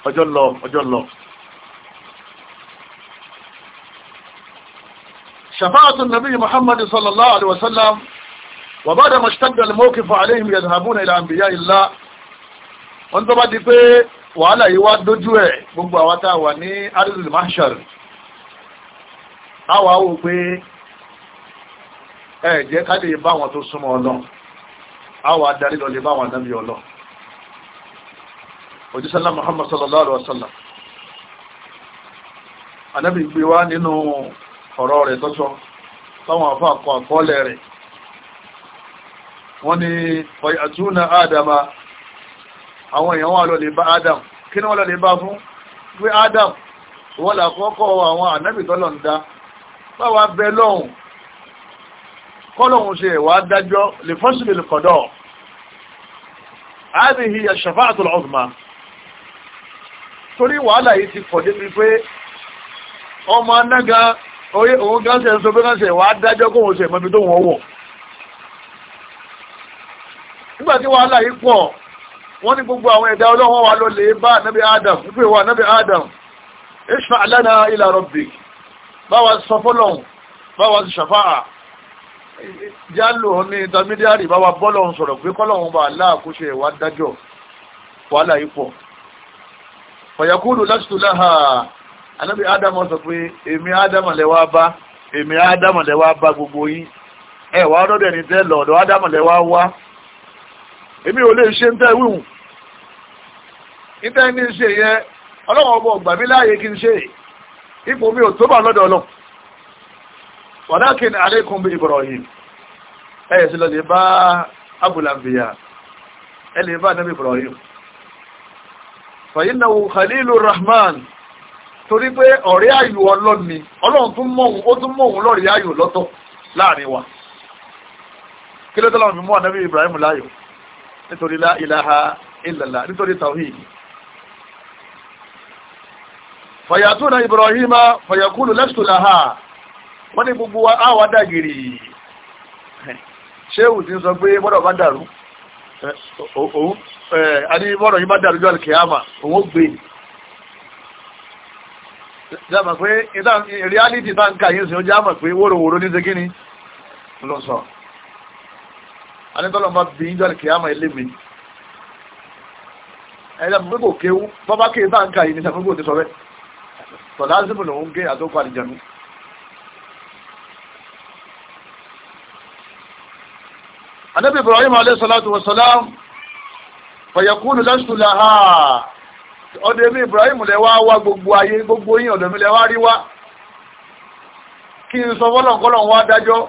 ọjọ́ lọ ọjọ́ lọ. ṣàfáàtún nàbí Muhammad sallallahu alaihi wasallam وبعدما اشتد الموقف عليهم يذهبون إلى أنبياء الله wọ́n tó bá di pé wàhálà yìí wá dójú ẹ̀ gbogbo àwọn tá a wà ní arizul mahshar a wà wò pé ẹ jẹ́ ká lè bá wọn tó súnmọ́ ọlọ́ a wà lọ lè bá wọn nábì ọlọ́ òjísàlá muhammad sallallahu alaihi wasallam anábì gbé wá nínú ọ̀rọ̀ rẹ̀ tọ́tọ́ táwọn afọ àkọọ́lẹ̀ rẹ̀ wọ́n ni fayatuna adama àwọn èèyàn wà lọ́lẹ̀ bá adam kí ni wọ́n lọ́lẹ̀ bá fún pé adam wọ́n làkọ́kọ́ àwọn ànábì tọ́lọ̀ ń dá báwa bẹ lọ́hùn kọ́lọ̀hùn ṣe wà dájọ́ lè fọ́sílẹ̀ lè kọ̀dọ̀ àdìhì àṣàfáàtùl uzma torí wàhálà yìí ti kọ̀dé bí pé ọmọ anága òun gánsẹ̀ ń sọ pé gánsẹ̀ wà dájọ́ kóhun ṣe mọ́bí tó wọ́n wọ̀ nígbà tí wàhálà yìí pọ̀ wọ́n ní gbogbo àwọn ẹ̀dá ọlọ́wọ́n wa ló lè bá nábì Adam wípé wà nábì Adam ìṣfà lana ila rabbik báwa sọ fọ́lọ́hùn báwa sì ṣàfáà jálò ní intermediary báwa bọ́lọ́hùn sọ̀rọ̀ pé kọ́lọ́hùn bá aláàkóṣe ìwà dájọ́ wàhálà yìí pọ̀ fọ̀yàkúrò lastu Adam sọ pé èmi Adam lẹ́wà bá èmi Adam lẹ́wà bá gbogbo yín ẹ̀wà ọdọ́dẹ̀ Adam lẹ́wà èmi ò lè ṣe ń tẹ́ wíwùn ìtẹ́ ní ṣe yẹn ọlọ́wọ́ ọmọ ọgbà mi láàyè kí n ṣe ipò mi ò tó bà lọ́dọ̀ ọlọ́ wàdákin alaykum bí Ibrahim ẹ̀yẹ̀ sí lọ́lẹ̀ bá abúlàmbìyà ẹlẹ̀ bá nàbí Ibrahim fa innahu khalilur rahman torí pé ọ̀rẹ́ ayò ọlọ́ni ọlọ́run tún mọ̀hún ó tún mọ̀hún lọ́rẹ̀ ayò lọ́tọ̀ láàrin wa kí ló tọ́lá mú ànábì Ibrahim láyò nítorí la ilaha illallah nítorí tawhid fayatuna ibrahima fayakulu lastu laha wọ́n ní gbogbo wa áwà dàgìrì ṣéhù ti sọ pé bọ́dọ̀ bá dàrú òun àní bọ́dọ̀ yí bá dàrú jọ alkiyama òun ó gbé jáàmà pé reality tá ń kà yín sí ó jáàmà pé wóró ní ṣe kíni lọ́sọ̀ọ́ anítọ́lọ́ bá bí ìjọ àlìkìyàmà ilé mi ẹ̀yà mẹ́kò kéwú bọ́bá kéè bá ń ka yìí ní sàmúgbò ti sọ bẹ́ tọ̀dá símù lòun gé àtókò àdìjànú anábì Ibrahim alayhi salatu wasalam fàyàkúnù lásù làhá ọdọ èmi Ibrahim lẹ́wà wá gbogbo ayé gbogbo yín ọ̀dọ̀ mi lẹ́wà rí wá kí n sọ fọ́lọ̀kọ́lọ̀ wá dájọ́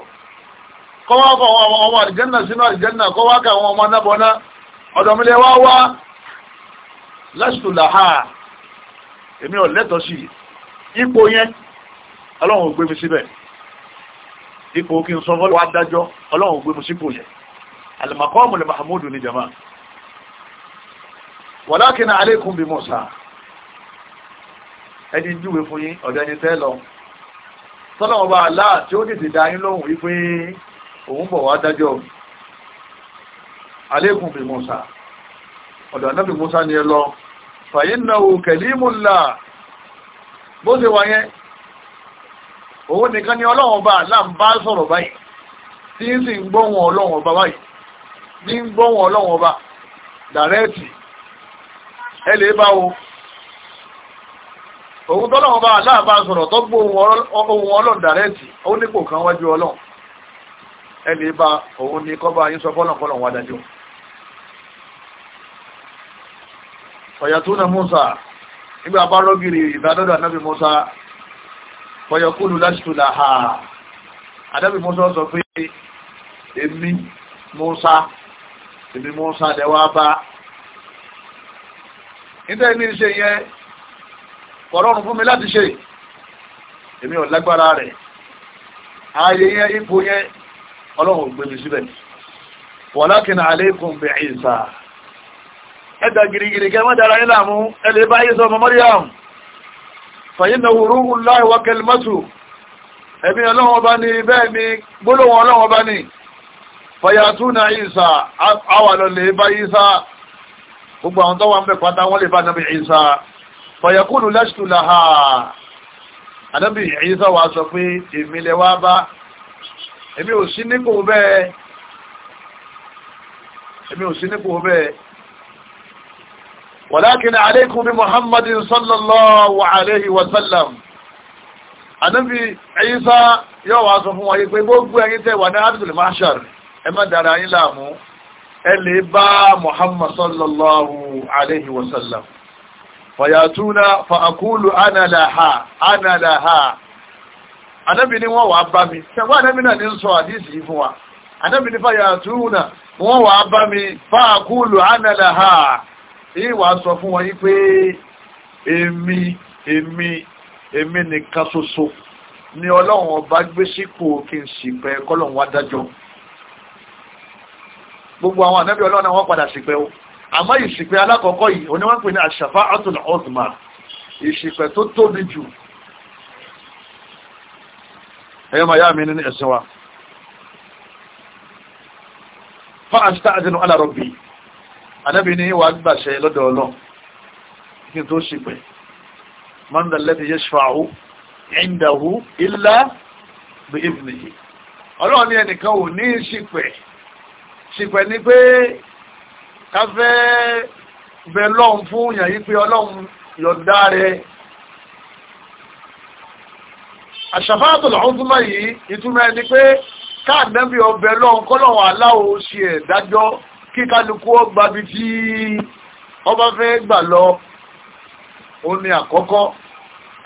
kọ́ wá kọ́ àwọn ọmọ àdìjẹ́nà sínú àdìjẹ́nà kọ́ wá kà àwọn ọmọ anábọ́ná ọ̀dọ̀mílẹ̀ wá wá lásìtò làhá èmi ò lẹ́tọ̀ọ́ sí ipò yẹn ọlọ́run ò gbé mi síbẹ̀ ipò kí n sọ fọ́lọ́ adájọ́ ọlọ́run ò gbé mi sípò yẹn alimakọ́ọ̀mù lè mahamudu ní jama wàlákìnà alaykum bí Musa ẹni júwe fún yín ọ̀dẹ́ni tẹ́lọ tọ́lọ́wọ́ bá aláà tí ó dìde dá yín òun bọ̀ wá dájọ́ alékùn bí Musa ọ̀dọ̀ anábì Musa ni ẹ lọ fàyínnáwó kẹlímùlá bó ṣe wáyé òun nìkan ni ọlọ́wọ̀n bá aláàmbá sọ̀rọ̀ báyìí tí ń sì ń gbọ́wọ̀n ọlọ́wọ̀n bá báyìí ní ń gbọ́wọ̀n ọlọ́wọ̀n bá dàrẹ́ẹ̀tì ẹlẹ́ bá o òun tọ́lọ́wọ̀n bá aláàmbá sọ̀rọ̀ tó ohun ọlọ́run ẹni bá òun ni kọba yín sọ fọ́nà fọ́nà wọn adájọ́ fọ̀yàtúnà Musa nígbà bá rọ́gìrì ìdádọ́dọ̀ anábì Musa fọ̀yàkúlù láṣìtò làhà anábì Musa sọ pé èmi Musa èmi Musa dẹwà bá níta ẹni ṣe yẹn kọ̀rọ̀rùn fún mi láti ṣe èmi ò lágbára rẹ̀ ààyè yẹn ọlọ́run gbé mi síbẹ̀ walakin alaykum bi Isa ẹ̀dà gìrìgìrì kẹ́ mọ́ dára nílà mú ẹlẹ́ bá yíso ọmọ Maryam fa innahu ruhullahi wa kalimatu ẹ̀mí ọlọ́run ọba ni bẹ́ẹ̀ ni gbólóhùn ọlọ́run ọba ni fayatuna Isa àwà lọ lè bá Isa gbogbo èmi ò sí nípò bẹ́ẹ̀ èmi ò sí nípò bẹ́ẹ̀ wàlákin alaykum bí muhammadin sallallahu alayhi wa sallam anábi Ìsá yóò wá sọ fún wa yí pé gbogbo ẹ̀yin tẹ́ wà ní abdul mahshar ẹ má dára yín láàmú ẹ bá muhammad sallallahu alayhi wa sallam fayatuna fa aqulu ana anábì ní wọ́n wà bá mi ṣẹ̀gbọ́n anábì náà ní ń sọ àdísì yìí fún wa anábì ní fàyà túnà wọ́n wà bá mi fàákúlù ánàlà ha èyí wà sọ fún wọn yí pé èmi èmi èmi nìkan ṣoṣo ni ọlọ́run ọba gbé sípò kí n sì pẹ́ kọ́lọ́run wá dájọ́ gbogbo àwọn anábì ọlọ́run náà wọ́n padà sì o àmọ́ ìsìpẹ́ alákọ̀ọ́kọ́ yìí oníwọ̀n pè ní àṣàfà ẹ̀yọ́ máa yá mi nínú ẹ̀sìn wa fa asta'dinu ala rabbi anábì ní wà gbàṣẹ lọ́dọ̀ ọlọ́ kí n tó sì pẹ̀ man alladhi yashfa'u indahu illa bi idhnihi ọlọ́run ní ẹnìkan ò ní sípẹ̀ sípẹ̀ ni pé ká fẹ́ bẹ lọ́hùn fún yàn yí pé ọlọ́run yọ̀dá rẹ̀ àṣàfáàtòlà ọ̀hún túnmọ̀ yìí ìtumọ̀ ẹni pé káàdẹ́bí ọbẹ̀ lọ́hún kọ́lọ́hún aláwo ṣe ẹ̀dájọ́ kí kálukú ọgbà bíi tí ọba fẹ́ gbà lọ ó ní àkọ́kọ́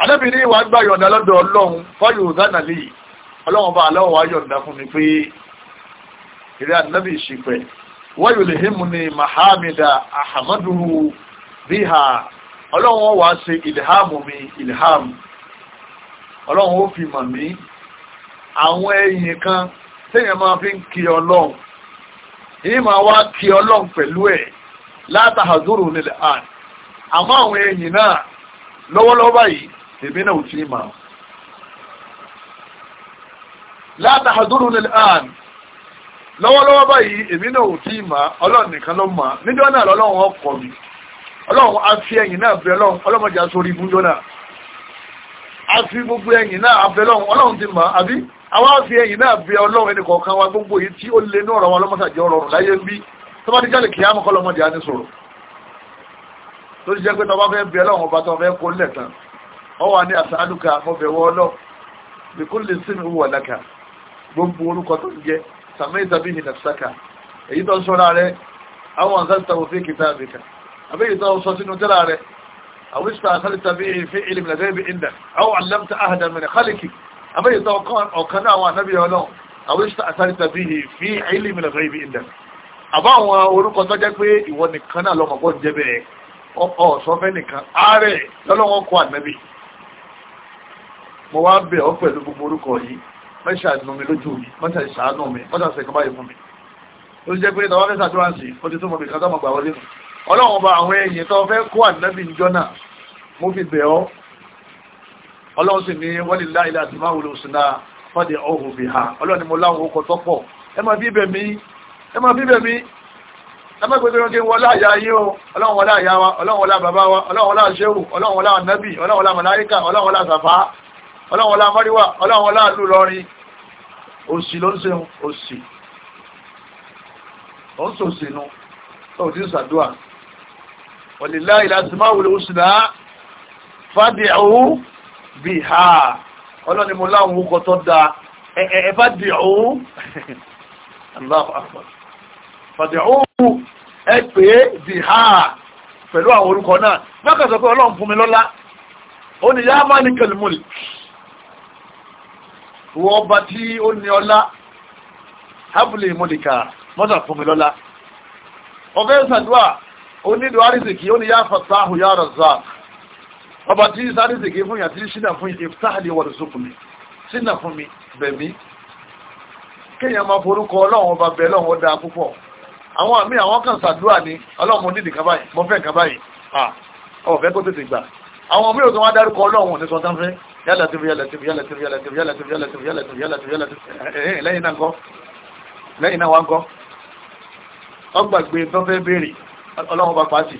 adébìnrin wa gbà yọ̀ǹda lọ́dọ̀ ọlọ́hún fọ́yọ̀ òdánàlì ọlọ́hún bá aláwọ̀ wa yọ̀ǹda fún mi pé ìrẹ́ àdínábì ìṣìpẹ̀ wọ́n yóò lè hímù ní mahamida ahamaduhu bíhà ọlọ́hún wá ṣe ìlhàmù mi ìlhàmù ọlọ́run ó fi mọ̀ mí àwọn ẹ̀yìn kan máa fi ń kí ọlọ́run yìí máa wá kí ọlọ́run pẹ̀lú ẹ̀ látàhàzúrò nílẹ̀ àn àmọ́ àwọn ẹ̀yìn náà lọ́wọ́lọ́wọ́ báyìí náà ò látàhàzúrò nílẹ̀ àn lọ́wọ́lọ́wọ́ báyìí èmi náà ò ọlọ́run nìkan mi ọlọ́run á fi ẹ̀yìn náà bẹ ọlọ́run ọlọ́mọdé aṣọ orí a fi gbogbo ẹ̀yìn náà abẹ́ lọ́hùn ọlọ́run ti mọ̀ àbí àwọn á fi ẹ̀yìn náà bẹ ọlọ́run ẹni kọ̀ọ̀kan wa gbogbo yìí tí ó lé ní ọ̀rọ̀ wọn lọ́mọ́sàjọ́ rọrùn láyé ń bí tó bá ti jáde kìí àmọ́ kọ́lọ́mọdé á ní sọ̀rọ̀ tó ti jẹ́ pé tọba fẹ́ bẹ ọlọ́run ọba tọba fẹ́ kó lẹ́tàn ọ wà أو استأثرت به فعل من الغيب عندك أو علمت أهدا من خلقك أما يتوقع أو كان أو نبي ولا أو استأثرت به فعل من الغيب عندك àbá àwọn orúkọ tó jẹ́ pé ìwọ nìkan náà lọ́mọ bọ́ jẹ́ bẹ́ẹ̀ ọkọ̀ sọ́fẹ́ nìkan ààrẹ lọ́lọ́wọ́ kọ ànábì mo wá bẹ̀ ọ́ pẹ̀lú gbogbo orúkọ yìí mẹ́ṣà nù mí lójú mi mẹ́ṣà ìṣàánú mi mẹ́ṣà ìṣẹ̀kọ́ báyìí fún mi ó jẹ́ pé tọ́wọ́ fẹ́ sàdúrà sí ó ti tó mọ̀ bí kan tó mọ̀ gbà wọlé nù ọlọ́wọ́n bá àwọn èèyàn tó fẹ́ kó ànábì níjọ́ náà mo fi bẹ̀ ọ́ ọlọ́run sì ní wọ́lì láìlá àti máa wùlò sí náà fọ́dẹ̀ ọ̀hùn bí ha ọlọ́run ni mo láwọn okọ̀ tọ́pọ̀ ẹ máa bí bẹ̀ mí ẹ máa bí bẹ̀ mí ẹ máa gbẹ̀gbẹ̀ kí n wọlé àyà yí o ọlọ́run wọlé àyà wa ọlọ́run wọlé bàbá wa ọlọ́run wọlé òsì ló ń ṣe òsì ó ń sòsì tó ti sàdúà ọ̀lẹ́láìlá ti òsì náà fàdíhù bìhà ọlọ́ni mo láwọn orúkọ tó dáa ẹ fàdíhù Allahu akbar fàdíhù ẹ pè é bìhà pẹ̀lú àwọn orúkọ náà mẹ́kà sọ pé ọlọ́run fún mi lọ́lá ó ní yá máa ní kẹlùmùlì wọ́n ọba tí ó ní ọlá hábùlì ìmúlìkà mọ́tà fún mi lọ́lá ọ̀fẹ́ onídùú àrísìkì ó ní yá fàtàhù yá razak ọba tí sáré sì kí fún yà tí sínà fún ìftáàlì wà lóṣù fún mi sínà fún mi bẹ̀mí kéèyàn máa forúkọ ọlọ́run ọba bẹ̀ lọ́run ó dáa púpọ̀ àwọn àmì àwọn kan ṣàdúrà ni ọlọ́run mo nídìí kan báyìí mo fẹ́ kan báyìí ọ̀fẹ́ kó tètè gbà àwọn míràn tó wá dárúkọ ọlọ́run ní sọ́tán fẹ́ yálà tí yálà tí yálà tí yálà tí yálà tí yálà tí yálà tí yálà tí yálà tí lẹ́yìn náà ńkọ́ lẹ́yìn náà wá ńkọ́ ọgbàgbé tó fẹ́ béèrè ọlọ́run bá pàtì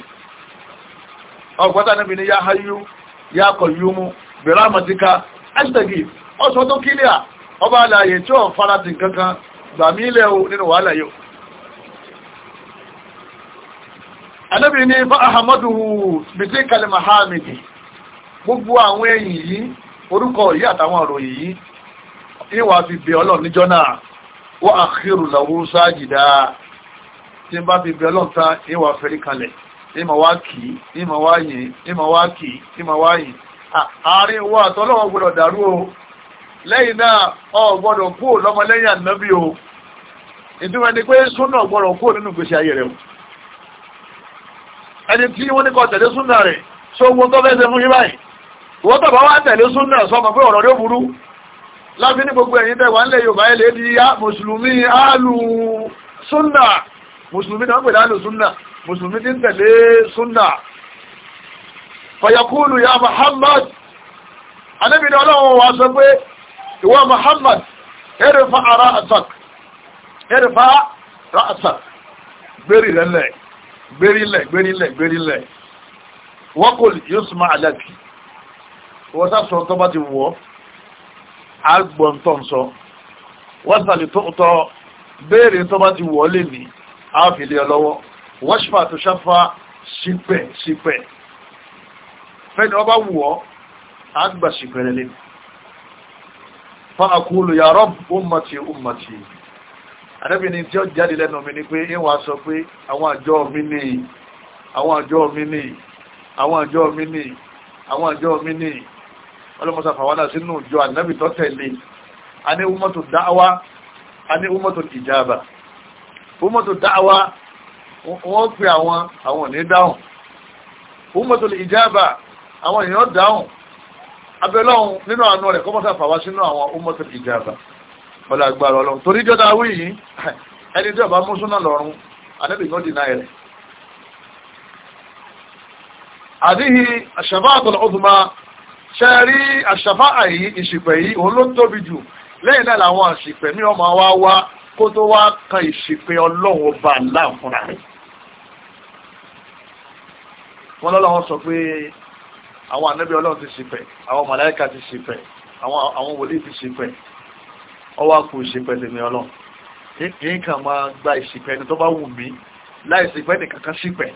ọ̀pọ̀tà níbi ni ya hayu ya kọ̀yúmú bẹ̀rẹ̀mọ̀tíká ẹ́sìtẹ̀gì ọ̀sọ̀ tó kílíà ọba aláyè tí ó fara ti kankan gbàmílẹ̀ o nínú wàhálà yóò ahamadu bìtí kalima gbogbo tí ń bá fi bẹ̀ ọlọ́ ìmọ̀ wá kì í ìmọ̀ wá yìn ìmọ̀ wá kì í ìmọ̀ wá yìn àárín owó àtọ́lọ́wọ́ gbọ́dọ̀ dàrú o lẹ́yìn náà ọ gbọ́dọ̀ kú lọ́mọlẹ́yìn ànábì o ìdúró ẹni pé súnà gbọ́dọ̀ kú nínú gbèsè ayé rẹ o ẹni tí wọ́n ní kọ́ tẹ̀lé súnà rẹ̀ ṣó wọ́n tó fẹ́ ṣe gbogbo ẹ̀yin tẹ̀wà ńlẹ̀ Yorùbá ẹ̀lẹ́ di mùsùlùmí áàlù súnà mùsùlùmí náà pè láàlù súnà mùsùlùmí ti ń tẹ̀lé súnà fayakulu ya muhammad anábì ní ọlọ́run wa sọ pé ìwọ muhammad ẹ̀rẹ̀fà ara àtàk ẹ̀rẹ̀fà ra àtàk gbérí rẹ̀ lẹ̀ gbérí lẹ̀ gbérí lẹ̀ gbérí lẹ̀ wọ́kùl yusma alaki wọ́n sá sọ tó bá ti wọ́ agbọ̀n tó ń sọ wọ́n sàlì tó tọ́ béèrè tó bá ti wọ́ lè ní àáfìlẹ̀ lọ́wọ́ wọ́ṣfà tó ṣáfà sípẹ̀ sípẹ̀ fẹ́ni ọba wù ọ́ àgbà sípẹ̀ lẹ́lẹ́ fa àkúlù ya rab ummati ummati àdẹ́bìnrin tí ó jáde lẹ́nu mi ni pé ìwà sọ pé àwọn àjọ mi ní àwọn àjọ mi ní àwọn àjọ mi ní àwọn àjọ mi ní ọlọ́mọsá fàwádà sínú ìjọ ànábì tó tẹ̀lé a ní ummatu da'awa a ní ummatu ijaba ummatu da'awa wọ́n pe àwọn àwọn ní dáhùn ummatul ijaba àwọn èèyàn dáhùn abẹ́lọ́hun nínú àánú rẹ̀ kọ́mọ́sá fàwá sínú àwọn ummatul ijaba ọlá agbára ọlọ́run torí jọta wí yìí ẹni tí ọba mọ́súnà lọ́rùn anẹ́bì náà dìná rẹ̀ àdíhì àṣàfà àtọ̀nà ọdúnmá ṣe rí àṣàfà àyí ìṣìpẹ̀ yìí òun ló tóbi jù lẹ́yìn náà làwọn àṣìpẹ̀ ní ọmọ wa wá kó tó wá kan ìṣìpẹ̀ ọlọ́run ọba aláàfúnra rẹ̀ wọ́n lọ́lọ́wọ́ sọ pé àwọn ànábì ọlọ́run ti ṣìpẹ̀ àwọn màláíkà ti ṣìpẹ̀ àwọn wòlíì ti ṣìpẹ̀ ọwọ́ àpò ìṣìpẹ̀ lèmi ọlọ́run yìí kàn máa gba ìṣìpẹ̀ ẹni tó bá wù mí láì ṣìpẹ̀ nìkan kan ṣìpẹ̀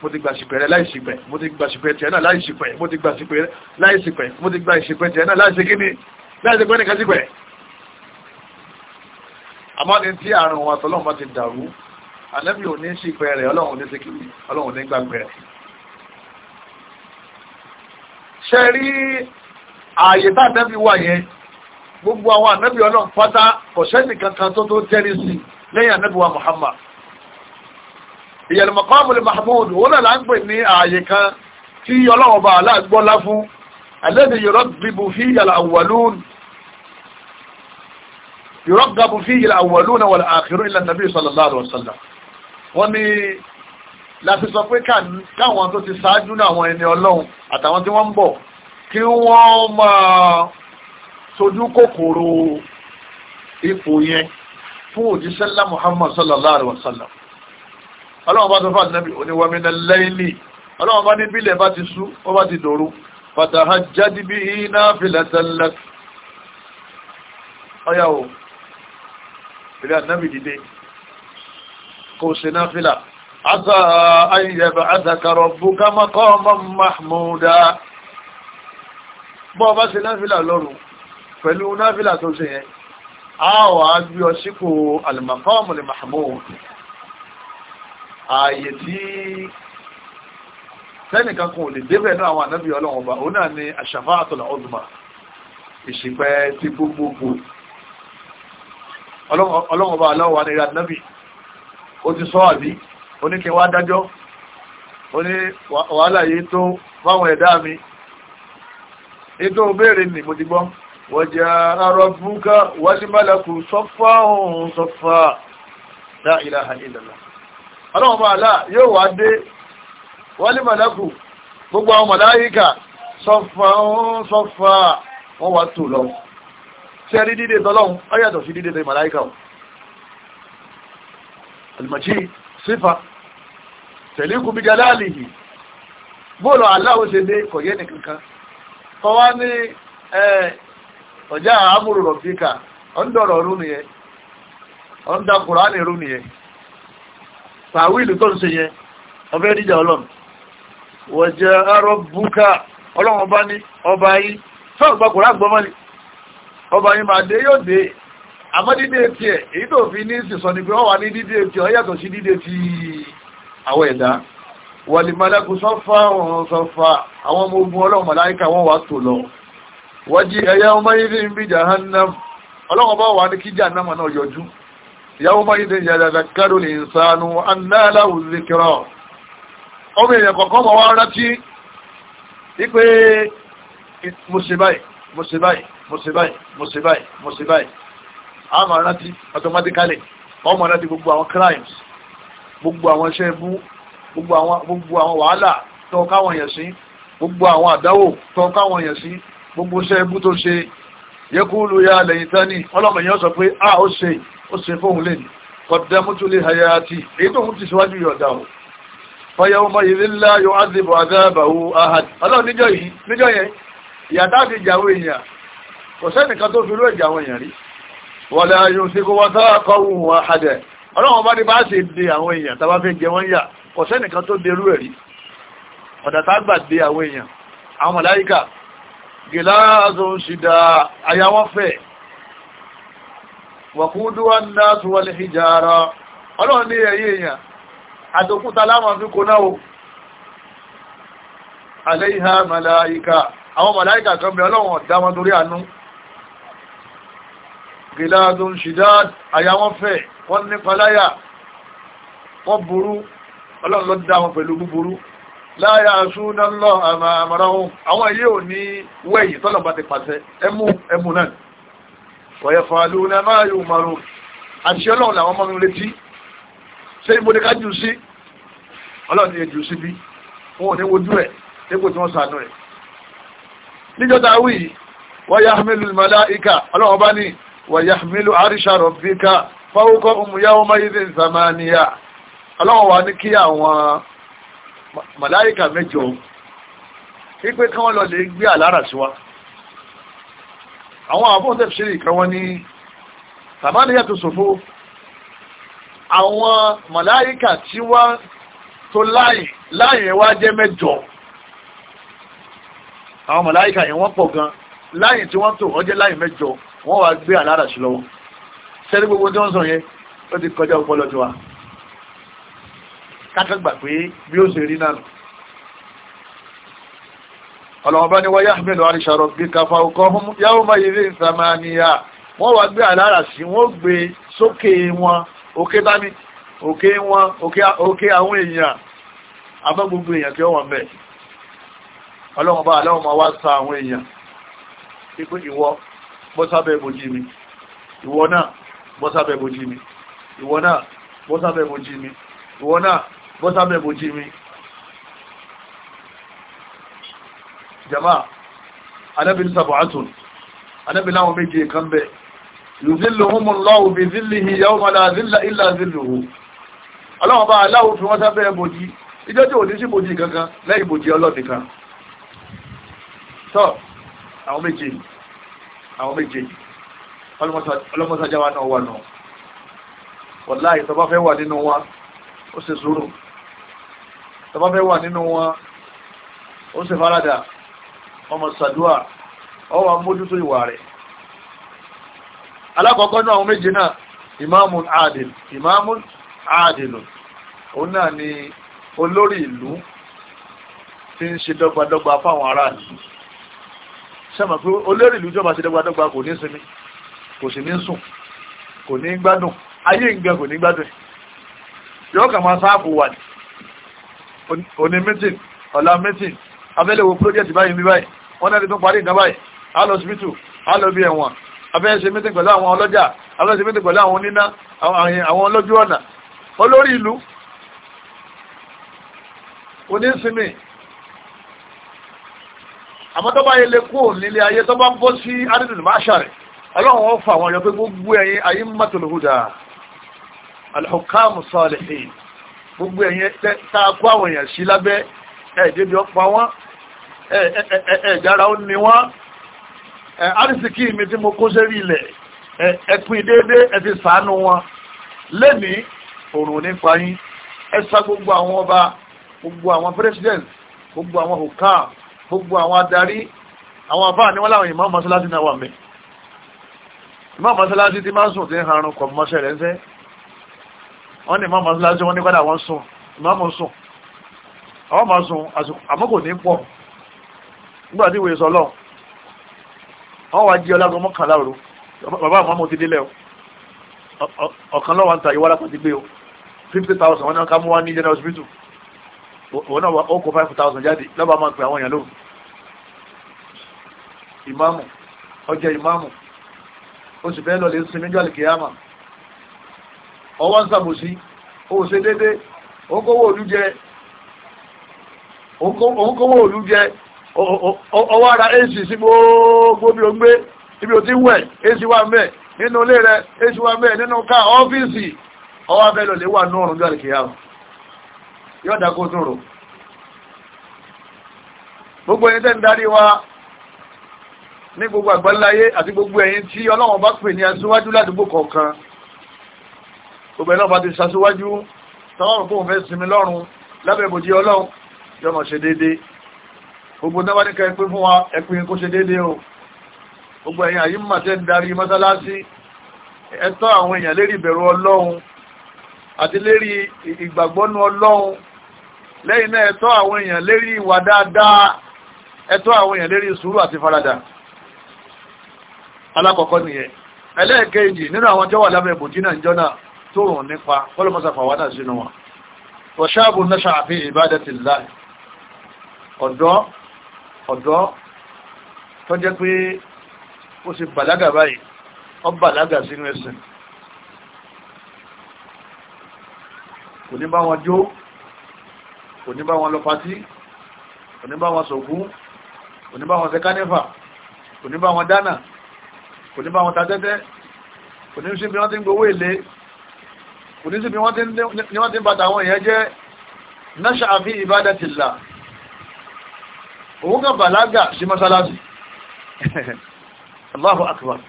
mo ti gba ṣìpẹ̀ rẹ láì ṣìpẹ̀ mo ti gba ṣìpẹ̀ tiẹ̀ náà láì ṣìpẹ̀ mo ti gba ṣìpẹ̀ láì ṣìpẹ̀ mo ti gba ìṣìpẹ̀ tiẹ̀ náà láì ṣe kíni láì ṣìpẹ̀ nìkan ṣìpẹ̀ àmọ́ ni tí àrùn wọn àtọ́lọ́run bá ti dàrú ànábì ò ní sí ìpẹ́ rẹ̀ ọlọ́run ní síkì ọlọ́run ní gbàgbẹ́ rẹ̀ ṣe rí ààyè tá ànábì wà yẹn gbogbo àwọn ànábì ọlọ́run pátá kò sẹ́ni kankan tó tó tẹ́rí sí lẹ́yìn ànábì wa Muhammad ìyẹ̀lùmọ̀kọ́mùlù mahmud òun náà láńpẹ̀ ní ààyè kan tí ọlọ́run bá aláàgbọ́lá fún alẹ́bí yọ̀rọ̀gbìbù fi yàlà àwọ̀lún yọ̀rọ̀gbìbù fi yàlà àwọ̀lún wal akhiru wọ́n ní láti sọ pé káwọn tó ti ṣáájú náwọn ẹni ọlọ́run àtàwọn tí wọ́n ń bọ̀ kí wọ́n máa sojú kòkòrò ipò yẹn fún òjíṣẹ́ ńlá Muhammad sallallahu alaihi wasallam ọlọ́run bá tó fà nábì oníwàmínà lẹ́yìnlì ọlọ́run bá ní bílẹ̀ bá ti sú ó bá ti dòru fàtàhà jáde bí iná filatalak ọyá o ìrẹ́ ànábì dìde kò sí náfìlà asa ayẹ̀bẹ̀ àtàkàrọ̀ buka maqaman mahmuda bọ́ bá sí náfìlà lọ́rùn pẹ̀lú náfìlà tó ṣe yẹn a wà á gbé ọ sípò al-maqamul mahmud ààyè tí tẹ́nìkan kan ò lè débẹ̀ náà àwọn ànábì ọlọ́run ìṣìpẹ́ tí gbogbogbò ọlọ́run aláwọ̀ wa ni ìrànnábì ó ti sọ àbí oníkẹ wá dájọ́ oní wàhálà yìí tó fáwọn ẹ̀dá mi ètò béèrè nì mo ti gbọ́ wọ̀jà arọ búkà wáṣímálàkù sọ́fà ohun sọ́fà la ilaha illallah ọlọ́wọ́n máa láà yóò wá dé wáṣímálàkù gbogbo àwọn màláyíkà sọ́fà ohun sọ́fà wọ́n wá tò lọ sí ẹni dídé tọ́lọ́hun ó sí dídé tẹ́ alìmọ̀jí sífà tẹ̀lékùn bí galáàlìyì bóòlù aláwọ̀ ṣe dé kọ̀yẹ́ nìkankan kọ́ wá ní ọjà àmúrò rọ̀bíkà ọ̀ndọ̀rọ̀ ọ̀rún nìyẹn ọ̀ndà kùránì rún nìyẹn pàwílù tó ń ṣe yẹn ọbẹ̀ níjà ọba àmọ́ dídé etí ẹ̀ èyí tó fi ní ni pé wọ́n wà ọ yàtọ̀ sí dídé ti àwọn ẹ̀dá wàlìmọ́lẹ́kù sọ́fà ọ̀hún sọ́fà àwọn ọmọ ogun ọlọ́run màláíkà wọ́n wà tó lọ wọ́jí ẹ̀yà ọmọ yìí ń bí jahannam ọlọ́run bá wà ní kí jahannam náà yọjú ìyàwó mọ́ yìí yàdàdà ọmọ èèyàn kọ̀ọ̀kan mọ̀ wá rántí wípé àmà rántí automatically ọmọ rántí gbogbo àwọn crimes gbogbo àwọn iṣẹ́ ibú gbogbo àwọn wàhálà tó káwọn èèyàn sí gbogbo àwọn àdáwò tó káwọn èèyàn sí gbogbo iṣẹ́ ibú tó ṣe yẹkúlù ya lẹ́yìn tání ọlọ́mọ èèyàn sọ pé a ah, ó ṣe ó ṣe fóun lè ní kọ̀dẹ́mútúlé hayati èyí tó ń ti síwájú yọ̀dá o fọyọ́mọ ìrìnlá yóò ázìbò àdábàwò ahad ọlọ́run níjọ́ yìí níjọ́ yẹn ìyàtá àti ìjàwó èèyàn kò sẹ́nìkan tó fi rú ìjàwó èèyàn rí wọ́lẹ̀ ayò sí kó wọ́n tọ́kọ̀ ohun àhàdẹ̀ ọlọ́wọ́n bá ní bá ṣe dé àwọn èèyàn tàbá fẹ́ jẹ wọ́n yà ọ̀sẹ́nìkan tó dé rúẹ̀rí ọ̀dàtàgbà dé àwọn èèyàn àwọn màláíkà gìláàzó ṣìdá àyà wọ́n fẹ́ wàkúdú wọn náà tó wọlé ìjàrá ọlọ́wọ́n ní ẹ̀yẹ èèyàn àwọn màláíkà kan bẹ ọlọ́wọ́n dá torí àánú gilaadun shidad àyà wọn fẹ̀ wọ́n ní paláyà wọ́n burú ọlọ́run ló dá wọn pẹ̀lú búburú láyà súná lọ àmàrà ohun àwọn èyí ò ní wẹ̀yì tọ́lọ̀ bá ti pàṣẹ ẹmú ẹmú náà wọ̀yẹ̀ fàálù ní a máa yóò márùn àti ọlọ́run làwọn mọ́nu létí ṣé ibo ni ká jù sí ọlọ́run ni jù sí bí wọn ò ní wojú ẹ̀ dípò tí wọ́n sànú ẹ̀ níjọ́ta wí wọ́n yá hamilu malaika ọlọ́run bá ní wàyàmílù àríṣà rọ̀bíkà fáwọ́kọ́ òmùyáwó máyídé ìsàmáníyà ọlọ́wọ́ wa ní kí àwọn màláìkà mẹ́jọ wípé kí wọ́n lọ lè gbé àlára sí wa àwọn àbọ̀n tẹ̀síri kan wọ́n ní sàmáníyà tó sòfò àwọn màláìkà tí wá tó láì láì wá jẹ́ mẹ́jọ àwọn tí wọ́n tó ó jẹ́ láì wọ́n wá gbé àlára sí lọ́wọ́ sẹ́rí gbogbo tí wọ́n sọ yẹn ó ti kọjá ọpọlọ tiwa kákàgbà pé bí ó ṣe rí náà ọlọ́wọ́n bá ní wáyé àmìlò àríṣàrọ̀ bí kàfà ọkọ̀ yàwó máa yìí ń sàmàníyà wọ́n wá gbé àlára sí wọ́n gbé sókè wọn òkè tání òkè wọn òkè àwọn èèyàn àbá gbogbo èèyàn tí ó wọ̀n bẹ́ẹ̀ ọlọ́wọ́n wá sa àwọn èèyàn bọ́sábẹ́ ìbòjì mi ìwọ náà bọ́sábẹ́ ìbòjì mi ìwọ náà bọ́sábẹ́ ìbòjì mi ìwọ náà bọ́sábẹ́ ìbòjì mi jama anábi sàbọ̀átùn anábi láwọn méje kan bẹ yuzilluhumullahu bi zillihi yawma la zilla illa zilluhu ọlọ́wọ́ bá aláwọ̀ fi wọ́n sábẹ́ ìbòjì ìjọ́ tí ò ní sí ìbòjì kankan lẹ́yìn ìbòjì ọlọ́dìkan tọ́ àwọn méje yìí àwọn méjèèjì ọlọ́mọsájáwá náà wà náà wọ̀lá ìtọba fẹ́ wà nínú wa ó ṣe sùúrù tọba fẹ́ wà nínú wa ó ṣe farada ọmọ sàdúà ọwà mójútó ìwà rẹ̀ alákọ̀ọ́kọ́ náà àwọn méjì náà imamun adil imamun adil òun náà ni olórí ìlú tí ń ṣe dọ́gbadọ́gba fáwọn aráàlú sẹ́mọ̀ pé olórí ìlú jọba ṣe dọ́gbadọ́gba kò ní sinmi kò sì ní sùn kò ní gbádùn ayé ìgbẹ́ kò ní gbádùn yóò kà máa sáàkù wà ní òní mítìn ọ̀la mítìn abẹ́lẹ̀wò pírójẹ́tì báyìí bí báyìí wọ́n náà ti tún parí ìdán báyìí alọ́ síbítù alọ́ bí ẹ̀wọ̀n abẹ́ẹ̀ṣe mítìn àmọ́ tó bá yẹ lè kúrò nílé ayé tó bá ń bọ́ sí adìdìdì máa ṣàrẹ̀ ọlọ́run ó fà wọn yọ pé gbogbo ẹ̀yin ayé mọ́tòlù húdà alhukamu salihin gbogbo ẹ̀yin tá a kó àwọn èèyàn sí lábẹ́ ẹ̀ẹ́dẹ́bí ọpa wọn ẹ̀ẹ́dára ó ní wọn arísìkí mi tí mo kó sérí ilẹ̀ ẹ̀pin déédé ẹ ti sàánú wọn lẹ́ni òrùn nípa yín ẹ sá gbogbo àwọn ọba gbogbo àwọn president gbogbo àwọn hukamu gbogbo àwọn adarí àwọn àbá ni wọ́n láwọn ìmọ̀ mọ́sálásí náà wà mẹ́ ìmọ̀ mọ́sálásí tí máa ń sùn tí ń harun kọ̀ mọ́ṣẹ́ rẹ̀ ń sẹ́ wọ́n ní ìmọ̀ mọ́sálásí wọ́n ní padà wọ́n sùn ìmọ̀ mọ́ sùn àwọn máa sùn àmọ́kò ní pọ̀ nígbà tí ìwé sọlọ wọ́n wá jí ọlágun mọ́kànlá òru bàbá àmọ́ mo ti délẹ̀ o ọ̀kan lọ́wọ́ ń ta ìwárapọ̀ ti gbé o fifty thousand wọn ní wọn ká mú wá ní general hospital òun náà ó kó five thousand jáde lọ́ba máa pè àwọn èèyàn lóhùn ìmáàmù ọjọ́ ìmáàmù oṣù fẹ́ lọ́lẹ̀ sinmi jọ́ àlìkèyàmà ọwọ́ ń sàbòsí owó ṣe dédé òǹkówó òlú jẹ òǹkówó òlú jẹ ọwọ́ ara ac sí gbogbo bí o gbé ibi ò ti wẹ̀ ac wà mẹ́ nínú ilé rẹ̀ ac wà mẹ́ nínú ká ọ́fíìsì ọwọ́ abẹ́ lọ́lẹ̀ wà ní ọ̀rùn jọ́ àlìkèyàmà yóò dákó tún rò gbogbo ẹni tẹ́ ń darí wa ní gbogbo àgbáláyé àti gbogbo ẹ̀yin tí ọlọ́wọ́n bá pè ní aṣíwájú ládùúgbò kọ̀ọ̀kan gbogbo ẹ̀lọ́wọ́n bá ti ṣaṣíwájú tọ́wọ́n fún òfin sinmi lọ́rùn lábẹ́ ìbòjì ọlọ́run yọmọ̀ ṣe déédéé gbogbo náà ní kẹ́ẹ̀pẹ́ fún wa ẹ̀pìn kó ṣe déédéé o gbogbo ẹ̀yin àyí mà tẹ́ ń darí mọ́sálásí ẹ̀tọ́ àwọn èèyàn lérí ìbẹ̀rù ọlọ́run àti lérí ìgbàgbọ́nú ọlọ́run lẹ́yìn náà ẹ̀tọ́ àwọn èèyàn lérí ìwà dáadáa ẹ̀tọ́ àwọn èèyàn lérí sùúrù àti faradà alákọ̀ọ́kọ́ nìyẹn ẹlẹ́ẹ̀kejì nínú àwọn tó wà lábẹ́ bòjínà ìjọ́nà tó rùn nípa pọ́lọ́mọ́sàfà wà náà sínú wọn ọ̀ṣáàbù náà ṣàfi ìbádẹ́tì láì ọ̀dọ́ ọ̀dọ́ tó kò ní bá wọn lọ patí kò ní bá wọn sògún kò ní bá wọn sẹkánífà kò ní bá wọn dáná kò ní bá wọn ta tẹ́tẹ́ kò ní síbi wọ́n ti ń gbowó èlé kò ní síbi wọ́n ti ń bàtà àwọn èèyàn jẹ́ náṣà àfi ìbádàtìlá òun kà bàlágà sí mọ́sálásì Allahu akbar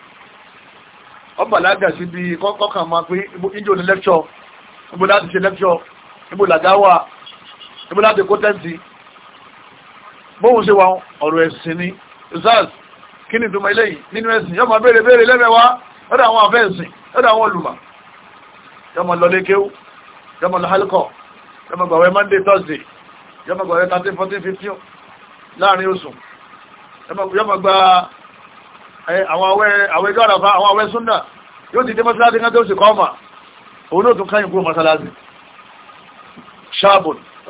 ọ bàlágà sí bí kọ́kọ́ kan máa pé ìjò ní lẹ́kṣọ́ ìbò láti ṣe lẹ́kṣọ́ ìbò làdáwà ibi láti kó tẹ́ǹtì bóun ṣe wà ọ̀rọ̀ ẹ̀sìn ni zaz kí ni ìdúmọ̀ eléyìí nínú ẹ̀sìn yọ́mọ béèrè béèrè lẹ́mẹ̀wá lọ́dọ̀ àwọn afẹ́ ẹ̀sìn lọ́dọ̀ àwọn olùmọ̀ yọ́mọ lọlé kéwú yọ́mọ lọ hálíkọ̀ yọ́mọ gbàwẹ̀ monday thursday yọ́mọ gbàwẹ̀ thirteen fourteen fifteen láàrin oṣù yọ́mọ gba àwọn àwẹ̀ gàràfà àwọn àwẹ̀ súnà yóò ti dé mọ́sálásí kan tó ṣe kọ́ ọmọ òun náà tún káyìn kúrò mọ́sálásí ṣáàbùn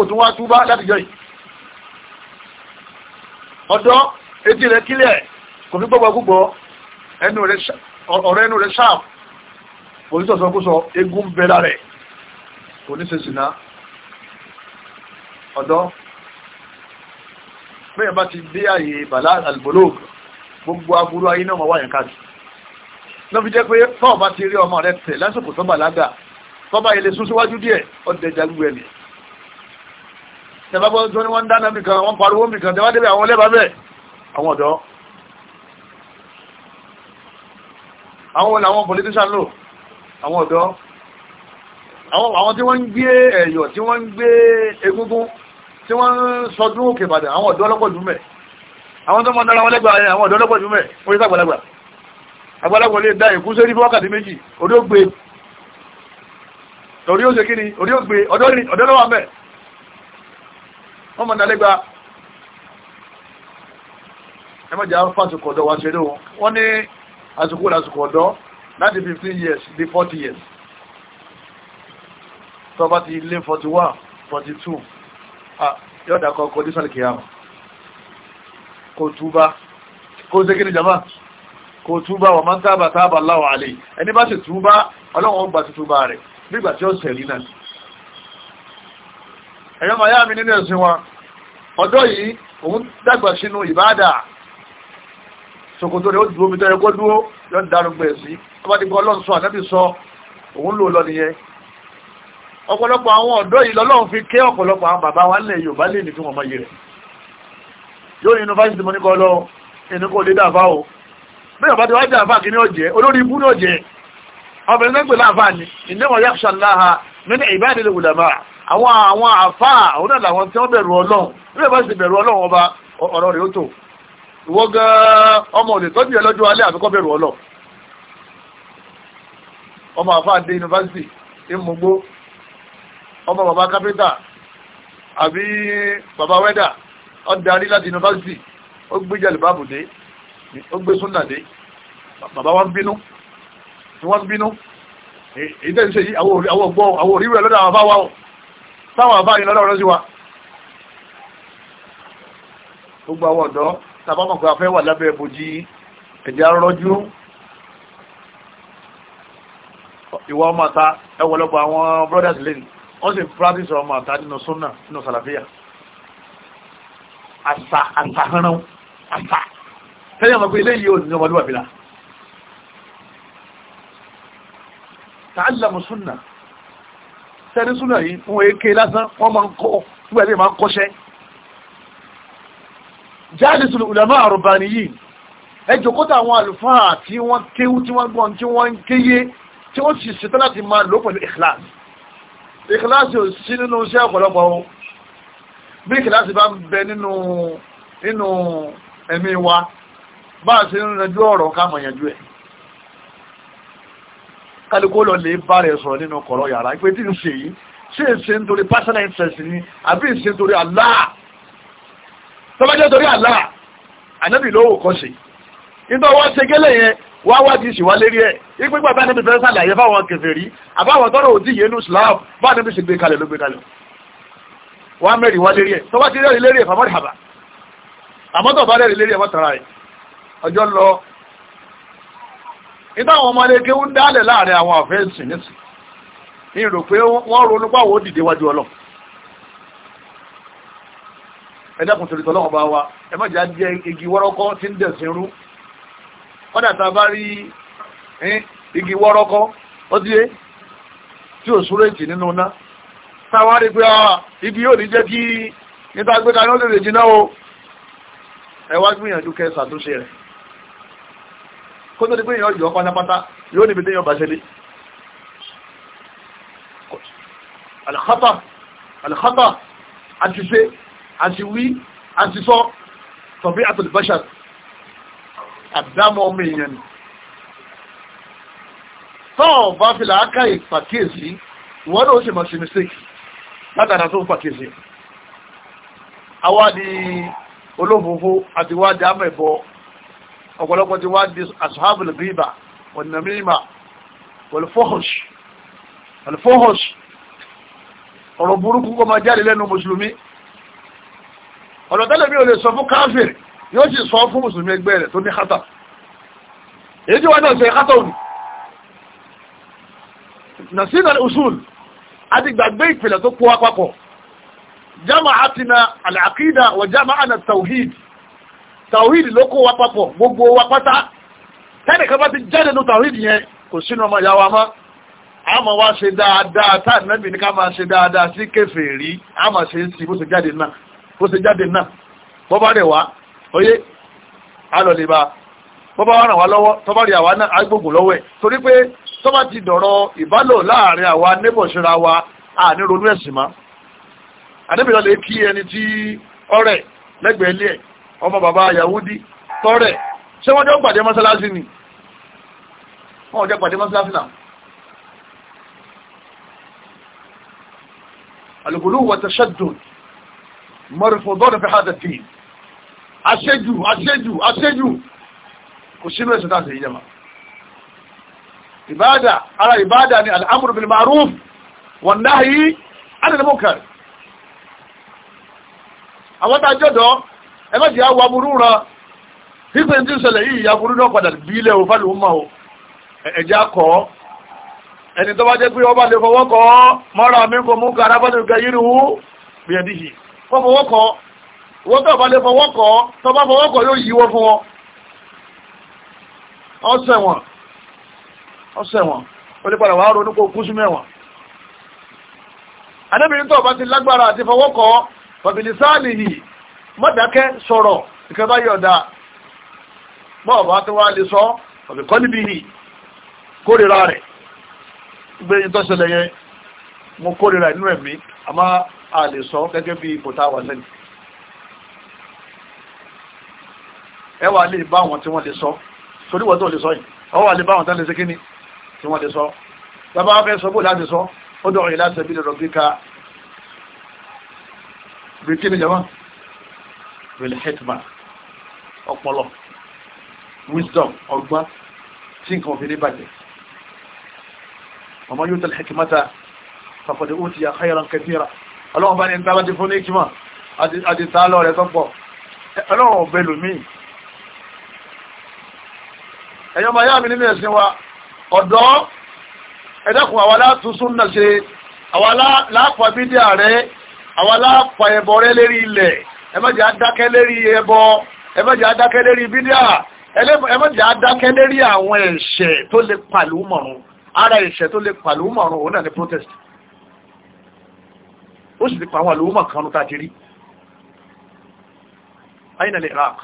òtún wá túbá láti jọ yìí ọ̀dọ́ etí rẹ̀ kílẹ̀ kò fi gbọ́gbọ́ gbogbo ọ̀rọ̀ ẹnu rẹ̀ sáà kò ní sọ̀sọ̀ kó sọ egun bẹ̀rẹ̀ rẹ̀ kò ní ṣe sìnà ọ̀dọ́ bẹ́ẹ̀ bá ti dé àyè bàlá àlùbọ́lóògùn gbogbo agbúrú ayé náà wáyàn káàkiri lọ fi jẹ́ pé fọ́ọ̀ bá ti rí ọmọ rẹ̀ tẹ̀ lásìkò tó bàlágà tọ́ba ilé sún díẹ̀ ọ̀dẹ̀jà gbogbo ẹ̀mí tẹ́bàgbọ́ tó ní wọ́n ń dáná bì kan wọ́n pariwo bì kan tẹ́bà débẹ̀ àwọn ọlẹ́bàá bẹ̀ àwọn ọ̀dọ́ àwọn wọn làwọn politician lò àwọn ọ̀dọ́ àwọn tí wọ́n ń gbé ẹ̀yọ̀ tí wọ́n ń gbé egúngún tí wọ́n ń sọdún òkè Ìbàdàn àwọn ọ̀dọ́ lọ́pọ̀ jù mẹ́ àwọn tó mọ́ wọn lẹ́gbàá àwọn ọ̀dọ́ lọ́pọ̀ jù mẹ́ sàgbàlagbà àgbàlagbà lè dá ìkú sórí wákàtí méjì orí gbé orí ó ṣe kí ni orí ó gbé ọ̀dọ́ lọ́wọ́ mẹ́ wọ́n mọ̀ nálẹ́gbà ẹmọ́jà fásitì ọ̀dọ́ wa ṣeré wọn wọ́n ní àsìkò lásìkò ọ̀dọ́ láti 15 years di 40 years tó bá ti lé 41 42 yọ́dà kọ́kọ́ dísàlì kìyàmù kò túbá kò ṣe kíni jama kò túbá wà máa ń tábà tábà láwọ̀ àlè ẹni bá sì túbá ọlọ́wọ́n gbà sí túbá rẹ̀ nígbà tí ó sẹ̀rí náà ẹ̀yọ́ màá yá mi nínú ẹ̀sìn wa ọ̀dọ́ yìí òun dàgbà sínú ìbáàdà ṣòkòtò rẹ̀ ó dúró mi tẹ́rẹ kó dúró yọ ń darun gbẹ̀ sí ọbádìgbọ́ ọlọ́run sọ ànábì sọ òun lò lọ nìyẹn ọ̀pọ̀lọpọ̀ àwọn ọ̀dọ́ yìí lọ́lọ́run fi ké ọ̀pọ̀lọpọ̀ àwọn bàbá wa nílẹ̀ Yorùbá lè ní fún ọmọ yìí rẹ̀ yóò ní yunifásitì mo ní kọ́ lọ ẹni kò lè dàfà o bí ọ̀bá ti wá dàfà kí ni ọ̀jẹ́ olórí ibú ni ọ̀jẹ́ ọbẹ̀ nígbè láàfà ni ìdẹ́wọ̀n yàtọ̀ nínú ìbádìí ulama àwọn àwọn àfà àwọn náà làwọn tí wọ́n bẹ̀rù ọlọ́run nígbà bá sì bẹ̀rù ọlọ́run ọba ọ̀rọ̀ rẹ̀ ó tò ìwọ gan ọmọ òde tọ́jú ẹ lọ́jọ́ alẹ́ àfikọ́ bẹ̀rù ọlọ́ ọmọ àfà dé yunifásitì ìmúgbó ọmọ bàbá kápẹ́ntà àbí bàbá wẹ́dà ó darí láti yunifásitì ó gbé jàlùbáàbù dé ó gbé súnà dé bàbá wọn bínú ni wọ́n bínú èyí tẹ́ ń ṣe àwọn ọgbọ́n àwọn òríwẹ̀ lọ́dọ̀ àwọn afáwà táwọn afáà yìí lọ́dọ̀ sí wa gbogbo àwọn ọ̀dọ́ tàbámọ̀kọ́ afẹ́ wà lábẹ́ bojí ẹ̀jẹ̀ arọ́jú ìwà ọmọ àta ẹwọ̀lọpọ̀ àwọn brothers lane wọ́n sì practice ọmọ àta nínú sunna nínú sàlàfíà àṣà àṣà hánà àṣà tẹ́lẹ̀ mọ̀ pé ilé yìí ò ní ọmọlúwàbí la tààlàmù súnà sẹ́ni súnà yìí wọ́n èké lásán wọ́n máa ń kọ́ wọ́n èké máa ń kọ́ṣẹ́ jalisul ulama arbaniyin ẹ jókòó táwọn àlùfáà tí wọ́n kéwú tí wọ́n gbọ́n tí wọ́n ń kéye tí wọ́n sì ṣetán láti máa lò pẹ̀lú ìkìláàsì ìkìláàsì ò sí nínú iṣẹ́ ọ̀pọ̀lọpọ̀ kálukó lọ lè bá rẹ̀ sọ̀rọ̀ nínú kọ̀rọ̀ yàrá ìpé tí ń ṣe yìí ṣe é ṣe nítorí personal interest ni àbí ṣe nítorí Allah tó bá torí Allah ànábì lówó kọ́ sí nítorí wọ́n ṣe gẹ́lẹ̀ yẹn wá wá ti ṣìwá lérí ẹ̀ ipé gbàgbà níbi fẹ́ sàlàyé fáwọn kèfèrí àbáwọn tọ́rọ òdí yẹnu Islam bá níbi ṣe gbé kalẹ̀ ló gbé kalẹ̀ wọ́n mẹ́rin wá lérí ẹ̀ tó bá lérí ẹ̀ fàmọ́rì nígbà àwọn ọmọ ilé ń dálẹ̀ láàrin àwọn àfẹ́ǹsì nísì ní ìrò pé wọ́n ronú pàwọ́ dìde wájú ọlọ́ ẹ̀dẹ́kùn torí tọ́lọ́wọ́ bá wa jẹ́ igi wọ́rọ́kọ́ tí ń dẹ̀sìn rú bá igi wọ́rọ́kọ́ ó tí nínú ná ah, ibi yóò ní jẹ́ kí gbé jiná o gbìyànjú rẹ̀ kó tó di pé èèyàn yọ pátápátá yóò níbi téèyàn bá ṣe lé alkhata alkhata àti ṣe àti wí àti sọ tọ̀bí àtòlùbáṣà àdámọ́ ọmọ èèyàn ni tọ́ọ̀ bá fi làákà ìpàkíyèsí ìwọ́n náà ó sì máa ṣe mistake látara tó ń pàkíyèsí àwa ni olóòfófó àti wá dámẹ̀bọ ọ̀pọ̀lọpọ̀ ti wá di ashabul ghiba wan namima wal fuhsh wal fuhsh ọ̀rọ̀ burúkú kó máa jáde lẹ́nu mùsùlùmí ọ̀rọ̀ tẹ́lẹ̀ mi ò lè sọ fún káfíìrì yóò sì sọ fún mùsùlùmí ẹgbẹ́ rẹ̀ tó ní kátà èyí tí wọ́n náà ṣe kátà òní nasina usul a ti gbàgbé ìpìlẹ̀ tó kó apapọ̀ jama al'aqida wa jama tawhid tàwíìdì ló kó wa papọ̀ gbogbo wa pátá tẹ́nìkan bá ti jáde ní tàwíìdì yẹn kò sínú ọmọ ìyá wa mọ́ àmọ́ wá ṣe dáadáa tá ànábì ní ká máa ṣe dáadáa sí kèfèrí àmọ́ ṣe ń sì bó ṣe jáde náà bó ṣe jáde náà bọ́ bá rẹ̀ wá oyé alọ̀lẹ̀bá bọ́ bá ràn wá lọ́wọ́ tọ́ bá rí àwa náà agbègbè lọ́wọ́ ẹ̀ torí pé tọ́ bá ti dọ̀rọ̀ ìbálò láàrin àwa nébọ̀ṣẹ́ra wa àní ronú ẹ̀sìn mọ́ ànábì lọ́lẹ̀ kí ẹni tí ọ̀rẹ́ lẹ́gbẹ̀ẹ́ ilé ẹ̀ ọmọ bàbá Yahudi tọ́rẹ̀ ṣé wọ́n jọ pàdé mọ́sálásí ni wọ́n jọ pàdé mọ́sálásí náà alùgbòlù wà tẹ̀ṣẹ́dùn mọ́rìfọ̀dọ́rẹ̀ fi hàdà tí aṣẹ́jù aṣẹ́jù aṣẹ́jù kò sínú ẹ̀sẹ̀ tàbí ìjẹma ìbádà ara ìbádà ni al'amuru bil ma'ruf wan nahyi 'anil munkar àwọn tàjọ́dọ̀ ẹ má jẹ́ àwọn aburú ran fífi tí ń ṣẹlẹ̀ yìí ìyá aburú náà padà bí ilẹ̀ òun fàlùwò mọ̀ o ẹ̀jẹ̀ akọ̀ ẹni tó bá jẹ́ pé ọba lè fọwọ́ kọ́ mọ́ra mi kò mú kára bá nìkan yìí rú gbìyànjú yìí wọ́n yóò yíwọ́ fún wọn ọ̀sẹ̀ ó lè padà wà ronú kó kú sí anábìrin tó bá ti lágbára àti fọwọ́ kọ́ sáà nìyí mọ́dákẹ́ sọ̀rọ̀ nǹkan bá yọ̀dá bọ́ọ̀bá tó wá lè sọ ọ̀bẹ̀kọ́ níbi yìí kórìíra rẹ̀ gbé ìtọ́sẹ̀lẹ̀ yẹn mo kórìíra inú ẹ̀mí àmá a lè sọ gẹ́gẹ́ bí ipò tá a wà lẹ́nu ẹ wà lè bá àwọn tí wọ́n lè sọ torí wọ́n tó lè sọ yìí ọ wà lè bá àwọn tán lè ṣe kíní tí wọ́n lè sọ bàbá fẹ́ sọ bó láti sọ ó dọ̀rọ̀ yìí láti ẹbí lọ́rọ̀ bí ká bí kíní jẹ́ wọ́n filhitma ọpọlọ wisdom ọgbọ́n tí nǹkan fi ní bàjẹ́ ọmọ yóò tẹ̀lé hikimata fàfọ̀dé ó ti yà khayran katira ọlọ́wọ́n bá ní ìtàlá ti fún ní hikima àti ìtàlọ́ rẹ̀ sọ́pọ̀ ọlọ́wọ́n bẹ̀lú mi ẹ̀yọ́ ma yá mi nínú ẹ̀sìn wa ọ̀dọ́ ẹ̀dẹ́kùn àwọn alátúnsún náà ṣe àwọn aláàpàbídà rẹ̀ àwọn aláàpàẹ̀bọ̀ rẹ̀ lérí ilẹ̀ ẹ má jẹ́ adákẹ́ lérí ẹbọ ẹ má jẹ́ adákẹ́ lérí bídíà ẹ má jẹ́ adákẹ́ lérí àwọn ẹ̀ṣẹ̀ tó lè pàlú mọ̀rún ara ẹ̀ṣẹ̀ tó lè pàlú mọ̀rún òun náà ni protest ó sì ti pa àwọn àlùmọ̀ kan tá a Iraq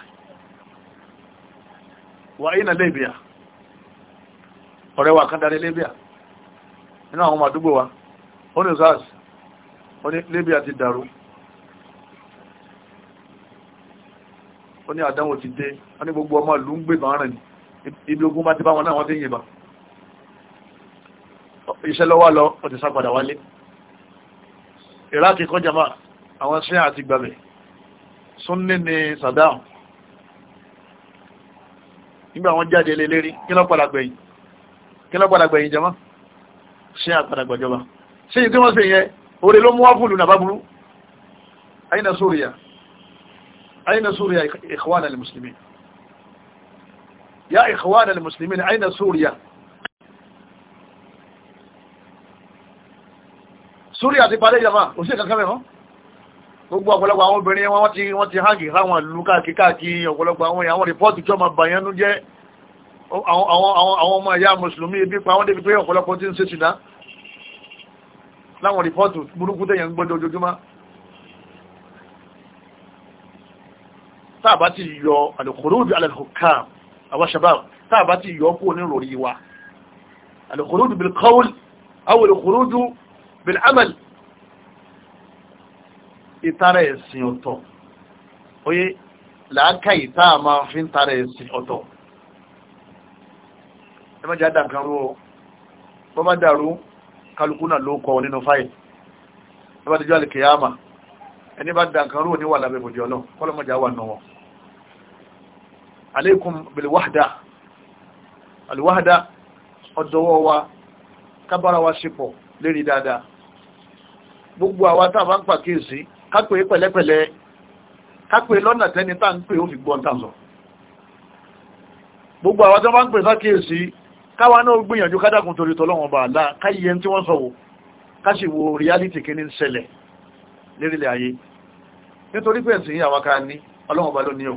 wà aina Libya ọ̀rẹ́ wa kan darí Libya nínú àwọn ọmọ àdúgbò wa ó ní sars ó ní Libya ti dàrú ó ní àdánwò ti dé ó ní gbogbo ọmọ ìlú ń gbé bàárẹ̀ ni ibi ogun bá ti bá wọn náà wọ́n ti yìnbọn iṣẹ́ lọ́wọ́ lọ ó ti sá padà wálé ìrákì kọjá àwọn ṣe àti gbàbẹ̀ súnní ni Saddam nígbà wọn jáde lé lérí kí ló padà gbẹ̀yìn kí ló padà gbẹ̀yìn jama ṣe àpadà gbàjọba ṣe yìí tí wọ́n ṣe yẹn orí ló mú wá fúlù nàbá burú ayé na sóríyà أين سوريا إخوانا المسلمين يا إخوانا المسلمين أين سوريا súríà ti parẹ́ ìjọba ò sí kankan mẹ́rán gbogbo ọ̀pọ̀lọpọ̀ àwọn obìnrin wọ́n ti wọ́n ti hangi láwọn ìlú káàkiri káàkiri ọ̀pọ̀lọpọ̀ àwọn èèyàn àwọn rìpọ́ọ̀tù tí ọmọ bàyánú jẹ́ àwọn ọmọ ẹ̀yà mùsùlùmí ebi pa wọ́n débi pé ọ̀pọ̀lọpọ̀ ti ń ṣe ṣìdá láwọn rìpọ́ọ̀tù burúkú tẹ̀yàn gbọ́dọ̀ ojoojúmọ́ táàbá ti yọ alùkòròdù alàlùkàm àwọn shabab táàbá ti yọ kó ní ròrí wa alùkòròdù bil qawl àwọn alùkòròdù bil amal ìtara ẹ̀sìn ọ̀tọ̀ oyé làákàyè táà máa fi ń tara ẹ̀sìn ọ̀tọ̀ ẹ má jẹ́ àdàkan rú ọ bọ́ dàrú kálukú náà ló kọ nínú fáìlì ẹ bá ti ẹni bá dàkan rú ní wà lábẹ́ bòjì ọlọ́run kọ́lọ́mọ́jà wà náà wọn aleikum bilwahda alwahda ọ̀dọ́wọ́ wa kábára wa sípọ̀ lérí dáadáa gbogbo àwa tá a bá ń pàkíyèsí kápẹ́ pẹ̀lẹ́pẹ̀lẹ́ kápẹ́ lọ́nà tẹ́ni tá ń pè ó fi gbọ́n tà lọ gbogbo àwa tó ń pè sákíyèsí káwa náà gbìyànjú kádàkùn torí tọ́lọ́wọ́n bàálà káyẹ tí wọ́n sọ̀wọ́ ká reality kí ní lérílẹ̀ ayé nítorí pé ẹ̀sìn yìí àwọn ká ní ọlọ́wọ́n bá ló ní o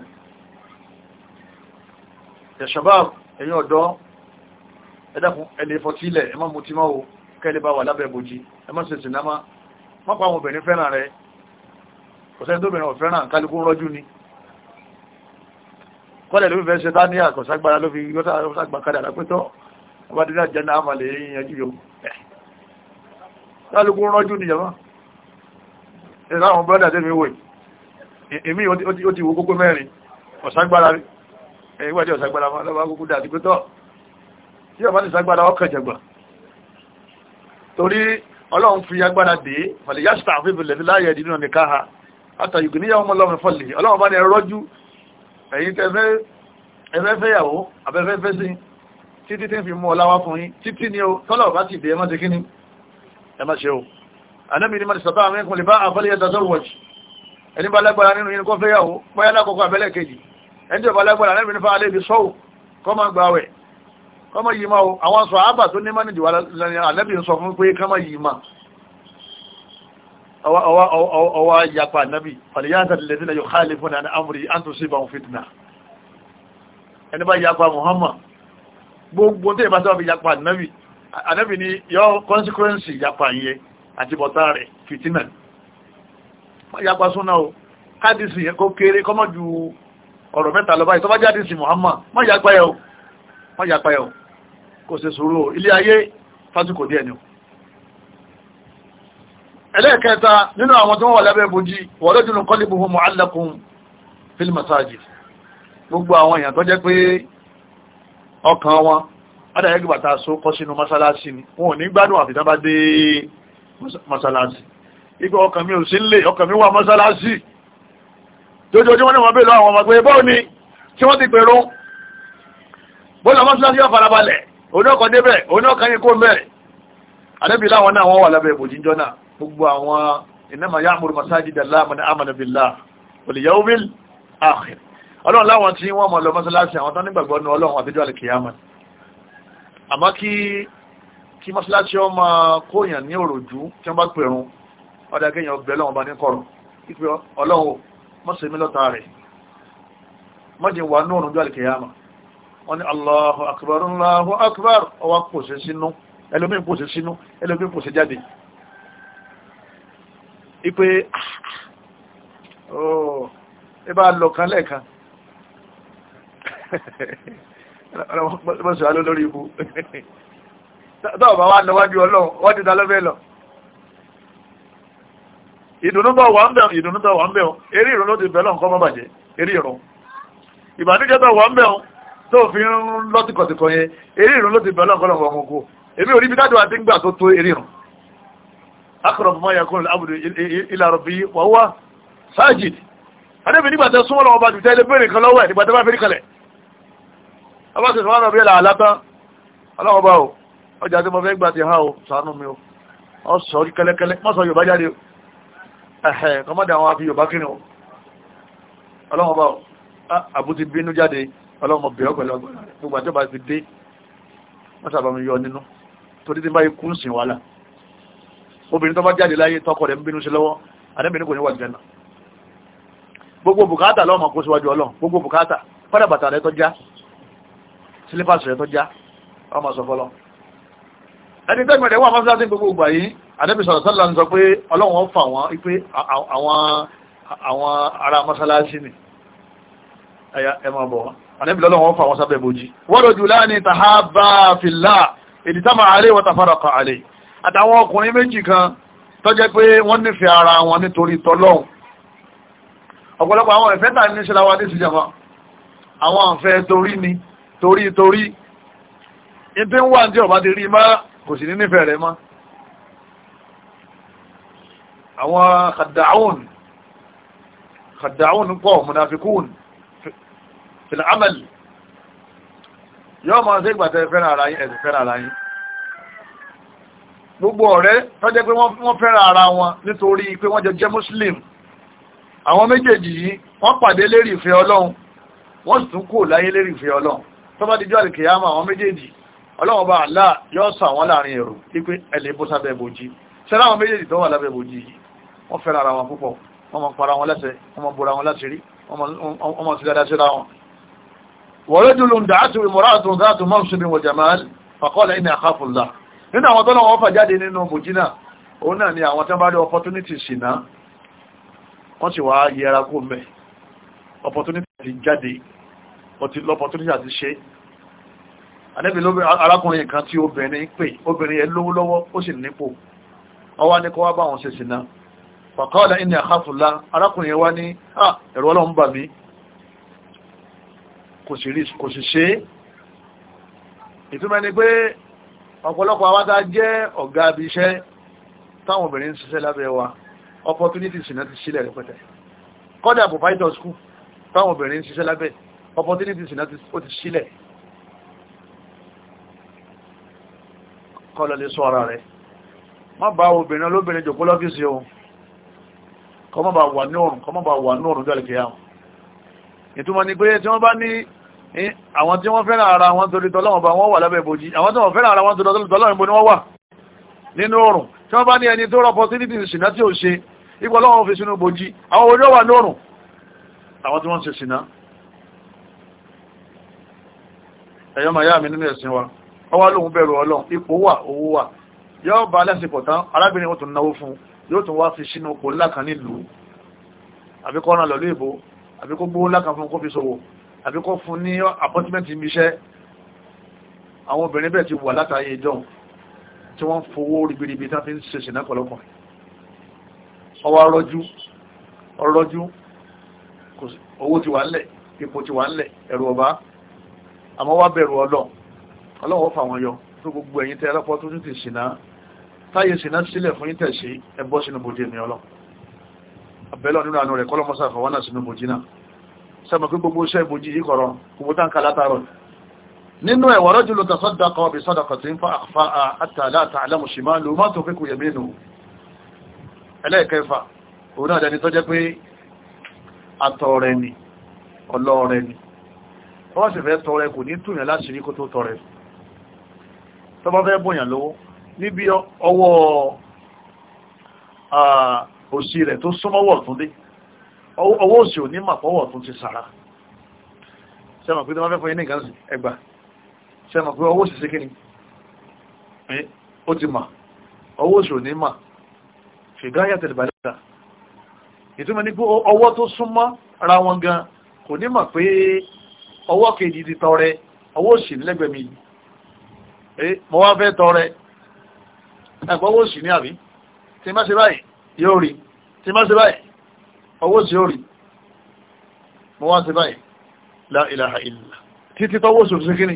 ẹ̀ṣọ́bá ẹ̀yìn ọ̀dọ́ ẹ̀dàkùn ẹ̀lẹ́ fọtílẹ̀ ẹ má mutí mọ́ o kẹ́lẹ́ bá wà lábẹ́ bòjì ẹ má ṣe sìnámá má pa àwọn obìnrin fẹ́ràn rẹ kọ̀sẹ́ tó bìnrin ni kọ́lẹ̀ ló fi fẹ́ ẹ̀rọ àwọn brọ́dà tẹ́mi wò èmi ó ti wo kókó mẹ́rin ọ̀ságbára ìwádìí ọ̀ságbára fún ọlọ́wọ́ kókó dà àtìkú tọ́ tí ọba ti ságbára ọkàn jẹgbà torí ọlọ́run fi agbára dé pàlẹ̀ yásítà àfihàn láyẹ̀ ìdí nínú nìkan ha àtàyùkù níyàwó ọmọlọ́run fọ́lẹ̀ ọlọ́run bá ní ẹrọ́jú ẹ̀yìn tẹ́fẹ́fẹ́yàwó abẹ́fẹ́fẹ́sí títí tí ń fi mú ọláwá fún yín títí ni ó tọ́lọ̀ bá ti dé ẹmọ́ ti kíní ẹmọ́ ṣe o anábì ní mọ̀lẹ́sọ̀tọ́ àwọn ẹkùn lè bá àfọ́lẹ́yẹ dazọ́wọ́jì ẹni bá lágbára nínú yìí kọ́ fẹ́yàwó pọ́yá lákọ̀ọ́kọ́ abẹ́lẹ̀ kejì ẹni tí ó bá lágbára anábì ní fáwọn alébi sọ́wọ́ kọ́ máa gbà wẹ̀ kọ́ máa yìí máa o àwọn sọ ábà tó ní mọ́nìjì wà lẹ́ni anábì ń sọ fún pé kọ́ máa yìí máa ọwọ́ yapa anábì fàlìyàtà lẹ́sìn yóò hálì fún ní amúrí àǹtò sí ìbọn fitna ẹni bá yapa Muhammad gbogbo tó yẹ bá sọ àti bọ̀tá rẹ̀ fìtínà yapa súnà o kádìsì yẹn kó kéré kọ́mọ́ ju ọ̀rọ̀ mẹ́ta lọ báyìí tó bá jádìsì Muhammad má yapa yẹ o má yapa yẹ o kò ṣe sùúrù o ilé ayé fásitì kò díẹ̀ ni o ẹlẹ́ẹ̀kẹta nínú àwọn tó wọ́n wà lábẹ́ bojí wọ́lọ́dúnú kọ́lébùhùn mọ̀álẹ́kùn fil masajid gbogbo àwọn èèyàn tó jẹ́ pé ọkàn wọn adàyẹ́gbàta so kọ́ sínú mọ́sálásí ni wọn ò ní gbádùn àfitán mọ́sálásí ibi ọkàn mi ò sí lè ọkàn mi wà mọ́sálásí lójoojúmọ́ ní wọ́n bèèrè àwọn ọmọ pé bọ́ọ̀ ni tí wọ́n ti pèrún bọ́ọ̀lá mọ́sálásí wà farabalẹ̀ oníọkàn débẹ̀ oníọkàn yìí kó mẹ́rẹ̀ àdébí láwọn náà wọ́n wà lábẹ́ ìbòjì jọ náà gbogbo àwọn innama ya'muru masajida Allahi man amana billahi wal yawmil akhir ọlọ́run láwọn tí wọ́n mọ̀ lọ mọ́sálásí àwọn tán nígbàgbọ́ ní ọlọ́run àtijọ́ àlìkìyàmọ̀ àmọ́ kí kí mọ́ṣáláṣí ọmọ kóyàn ní òròjú tí wọ́n bá pèrún ọdá kéèyàn ọgbẹ́ lọ́wọ́ bá ní kọ̀rọ̀ ipe ọlọ́wọ́ mọ́sẹ̀ mi lọ́ta rẹ̀ mọ́jẹ̀ wà ní òrùn jọ́lì kìyàmà wọ́n ní Allahu akbar Allahu akbar ọwá pòṣe sínú ẹlòmí pòṣe sínú ẹlòmí pòṣe jáde ipe ooo ibà lọ kan lẹ́ẹ̀kan ọlọ́wọ́ pọ́sẹ̀ alólórí ikú tọ́ọ̀ bá wà níwájú ọlọ́run wọ́n ti ta lọ́fẹ́ lọ ìdùnnú bọ̀ wà ń bẹ̀ ìdùnnú tọ̀ wà ń bẹ̀ ọ́ eré ìrún ló ti bẹ̀ lọ́nkọ́ mọ́ bàjẹ́ eré ìrún ìbànújẹ́ tọ̀ wà ń bẹ̀ ọ́ tó fi ń lọ́tìkọ̀tìkọ̀ yẹn eré ìrún ló ti bẹ̀ lọ́nkọ́ lọ́nkọ́ ọmọ oko èmi ò rí bí dájú àti ń gbà tó tó eré ìrún akọ̀rọ̀bù máa yàkó abudu ila rabbi wa huwa sajid adébí nígbà tẹ súnmọ́ lọ́wọ́ bá ti tẹ́lẹ̀ bẹ́ẹ̀rẹ̀ kan lọ́wọ́ ẹ̀ nígbà tẹ bá fi rí kalẹ̀ ọjà tí mo fẹ́ gbà ti ha o ṣàánú mi o ọ sọ rí kẹ́lẹ́kẹ́lẹ́ mọ́ sọ Yorùbá jáde o ẹ̀hẹ̀ kọmọ́dé àwọn afi Yorùbá kí ni o ọlọ́wọ́n bá àbúti bínú jáde ọlọ́wọ́n bẹ̀rẹ̀ pẹ̀lú gbogbo àti ọba ti dé wọ́n sábà mi yọ nínú torí ti báyìí kún sí wàhálà obìnrin tó bá jáde láyé tọkọ rẹ̀ ń bínú sí lọ́wọ́ àdẹ́bìnrin kò ní wà jẹ́nà gbogbo bùkátà lọ́mọ kó síwájú ọlọ́ ọmọ sọ fọ́lọ́ ẹni tẹ́gbẹ̀rẹ̀ wà mọ́sílásí gbogbo ìgbà yìí ànábì sallallahu alaihi wasallam sọ pé ọlọ́run fà wọ́n pé àwọn ará mọ́sálásí ni ẹ̀yà ẹmọ bọ̀ ànábì lọ́lọ́run fà wọ́n sábẹ̀ bójí warajulani tahabba fillah ijtama alayhi wa tafaraqa alayhi àtàwọn ọkùnrin méjì kan tó jẹ́ pé wọ́n nífẹ̀ẹ́ ara wọn nítorí tọlọ́hun kò sì ní nífẹ̀ẹ́ rẹ̀ mọ́ àwọn kàdáhùn kàdáhùn pọ̀ mùnàfikún fìlàmẹ́lì yọ́ máa ṣe ìgbàtẹ̀ fẹ́ràn ara yín ẹ̀sìn fẹ́ràn ara yín gbogbo ọ̀rẹ́ tọ́jẹ́ pé wọ́n fẹ́ràn ara wọn nítorí pé wọ́n jẹ jẹ́ muslim àwọn méjèèjì yìí wọ́n pàdé lérí ìfẹ́ ọlọ́run wọ́n sì tún kò láyé lérí ìfẹ́ ọlọ́run tó bá dijọ́ àlìkèyàmọ̀ àwọn méjèèjì ọlọ́wọ́n bá àlá yọ́ sọ àwọn láàrin èrò wípé ẹlẹ́ bó sábẹ́ bòjì ṣe láwọn méjèèjì tó wà lábẹ́ bòjì yìí wọ́n fẹ́ra ara wọn púpọ̀ wọ́n mọ̀ para wọn lẹ́sẹ̀ wọ́n mọ̀ bora wọn láti rí wọ́n mọ̀ sí dáadáa síra wọn. wọ́n jùlọ ń dà á tu ìmọ̀ra àtún dáàtú mọ́ ṣubin wọ̀ jamal fàkọ́lẹ̀ ìní àkáfùlá nínú àwọn tọ́lọ́ opportunity sì ná ànábì arákùnrin kan tí obìnrin pè obìnrin yẹn lówó lọ́wọ́ ó sì nípò ọwá ní kọ́ wá bá wọn ṣe sìnà fàkọ́ọ̀lá ìní àkáfùlá arákùnrin yẹn wá ní ah, ẹ̀rọ ọlọ́run bà mí kò sì ṣe ìtumọ̀ ni pé opportunity sì náà ti sílẹ̀ rẹpẹtẹ kọ́dà provider school táwọn obìnrin ń opportunity sì náà ti sílẹ̀ kọlọ lè sọ ara rẹ̀ má bá obìnrin olóbìnrin jòkó lọ́fíìsì o kọ mọ́ bá wà ní òrùn kọ mọ́ bá wà ní òrùn jọ́lẹ̀kẹ́ àwọn ìtumọ̀ ni pé tí wọ́n bá ní àwọn tí wọ́n fẹ́ràn ara wọn torí tọ́lọ́wọ́n bá wọ́n wà lábẹ́ ìbòjì àwọn tí wọ́n fẹ́ràn ara wọn ni wọ́n wà nínú òrùn tí wọ́n bá ní ẹni tó rọ opportunity ìsìnà tí ò ṣe ipò ọlọ́wọ́n fi sínú ìbòjì àwọn ojú wà lórùn àwọn tí wọ́n ṣe sìnà ẹ̀yọ́ màá mi nínú ẹ̀sìn wa ọwá lóhun bẹ̀rù ọlọ́run ipò wà owó wà yóò bá lẹ́sìkọ̀ tán arábìnrin ó tún náwó fún yóò tún wá fi sínú oko ńlá kan nílùú àbí kọ́ ràn lọ́lé ìbò àbí kó gbówó ńlá kan fún kó fi ṣòwò àbí fún ní apọ́tímẹ́ǹtì ibi àwọn obìnrin bẹ́ẹ̀ ti wà látàrí ìjọun tí wọ́n fowó ribiribi tá fi ń ṣe ṣìnà pọ̀lọpọ̀ ọwọ́ rọjú ọrọjú owó ti wà ńlẹ̀ ipò ti wà ńlẹ̀ ẹ̀rù ọba àmọ́ wá bẹ̀rù ọlọ́run ọlọ́wọ́ fà wọn yọ tó gbogbo ẹ̀yin tẹ́ ẹlọ́pọ̀ tó ti ṣìnà táyé ṣìnà sílẹ̀ fún yín tẹ̀sí ẹbọ́ sínú bòdì èmi ọlọ́ abẹ́lọ́ nínú àánú rẹ̀ kọ́lọ́mọ́sá fà wọ́nà sínú bòdì náà sẹ́mọ̀ pé gbogbo iṣẹ́ ìbòjì yìí kọ̀rọ̀ gbogbo táǹkà látàrọ̀ nínú ẹ̀wọ̀ rọ́jù ló tà sọ́dà kan bí sọ́dà kan ti ń fa àfà àtàlà àtàlà mùsùlùmá ló má tó wọ́n sì fẹ́ tọrẹ kò ní túnyẹ̀ láti rí tó tọrẹ fún tó bá fẹ́ bọ̀yàn lówó níbi ọwọ́ òsì rẹ̀ tó súnmọ́wọ́ ọ̀tún dé ọwọ́ òsì ò ní màpọ̀wọ́ ọ̀tún ti sára sẹ́mọ̀ pé tó bá fẹ́ fún yín ní nǹkan ẹgbà sẹ́mọ̀ pé ọwọ́ òsì sí kíni ó ti mà ọwọ́ òsì ò ní mà ṣègáyà tẹ̀lé bàlẹ́ta ìtumọ̀ ní pé ọwọ́ tó súnmọ́ ra wọn gan kò ní mà pé ọwọ́ kejì ti tọrẹ ọwọ́ òsì nílẹ́gbẹ̀ẹ́ mi yìí Eh, mo wá fẹ́ tọrẹ ẹ̀kọ́ owó sì ní àbí tí má ṣe báyìí yóò rí tí má ṣe báyìí owó sì yóò rí mo wá ṣe báyìí la ilaha illa títí tọwọ́ sòrò sí kíní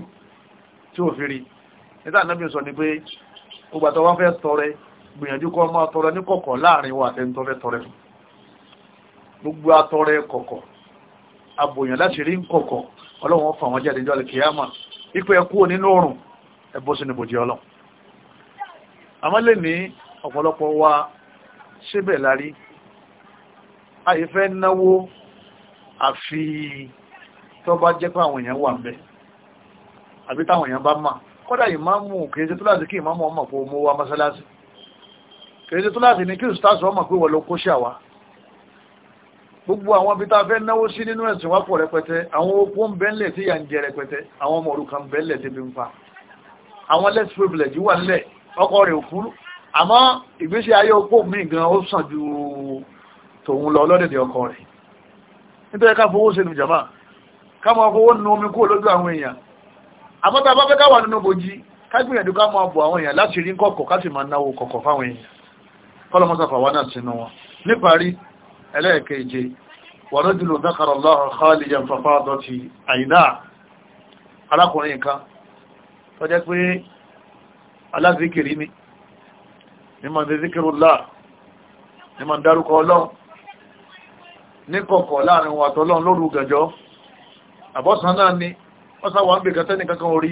tí ò fi rí nígbà náà bí sọ ni pé ọgbà tó wá fẹ́ tọrẹ gbìyànjú kọ́ máa tọrẹ ní kọ̀kọ̀ láàrin wa àtẹni tó fẹ́ tọrẹ fún gbogbo atọrẹ kọ̀kọ̀ abòyàn láti rí kọ̀kọ̀ ọlọ́run fà wọ́n jáde jọ́ àlùkìyàmà ẹkú nínú òrùn ẹ bọ́ sínú ibòjì ọlọ́run àmọ́ lè ní ọ̀pọ̀lọpọ̀ wa síbẹ̀ lárí àyífẹ́ náwó àfi tó bá jẹ́ pé àwọn èèyàn wà ń bẹ̀ àbí táwọn èèyàn bá mà kọ́dà ìmáàmù kìí ṣe túláàsì kí ìmáàmù ọmọ kó mú wá mọ́sálásì kìí ṣe túláàsì ní kí ìsútàṣì ọmọ pé wọ́n ló kó ṣàwá gbogbo àwọn ibi tá fẹ́ náwó sí nínú ẹ̀sìn wá rẹpẹtẹ àwọn opó bẹ́ńlẹ̀ tí yà ń jẹ rẹpẹtẹ àwọn ọmọ òrukàn bẹ́ńlẹ̀ tí bí ń pa àwọn less privilege wà nílẹ̀ ọkọ rẹ̀ òkú àmọ́ ìgbésí ayé opó mi gan ó sàn ju tòun lọ lọ́dẹ̀dẹ̀ ọkọ rẹ̀ nítorí ká fowó sínú jàmá ká máa fowó nu omi kúrò lójú àwọn èèyàn àmọ́ tá a bá fẹ́ ká wà nínú bòjì ká gbìyànjú ká máa bọ̀ àwọn èèyàn láti rí kọ̀kọ̀ ká sì máa náwó kọ̀kọ̀ fáwọn èèyàn kọ́lọ́mọ́sàfà wà náà sínú wọn níparí ẹlẹ́ẹ̀keje wàrọ́jùlù dákàrọ̀ tó jẹ́ pé alázikiri ni mímọ̀ ní zikiru láà mímọ̀ dárúkọ ọlọ́run ní kọ̀kọ̀ láàrin wa tọ́lọ́run lóru gànjọ́ àbọ́sàn náà ni ọ́sà wà ń bè kẹtẹ́ nìkankan orí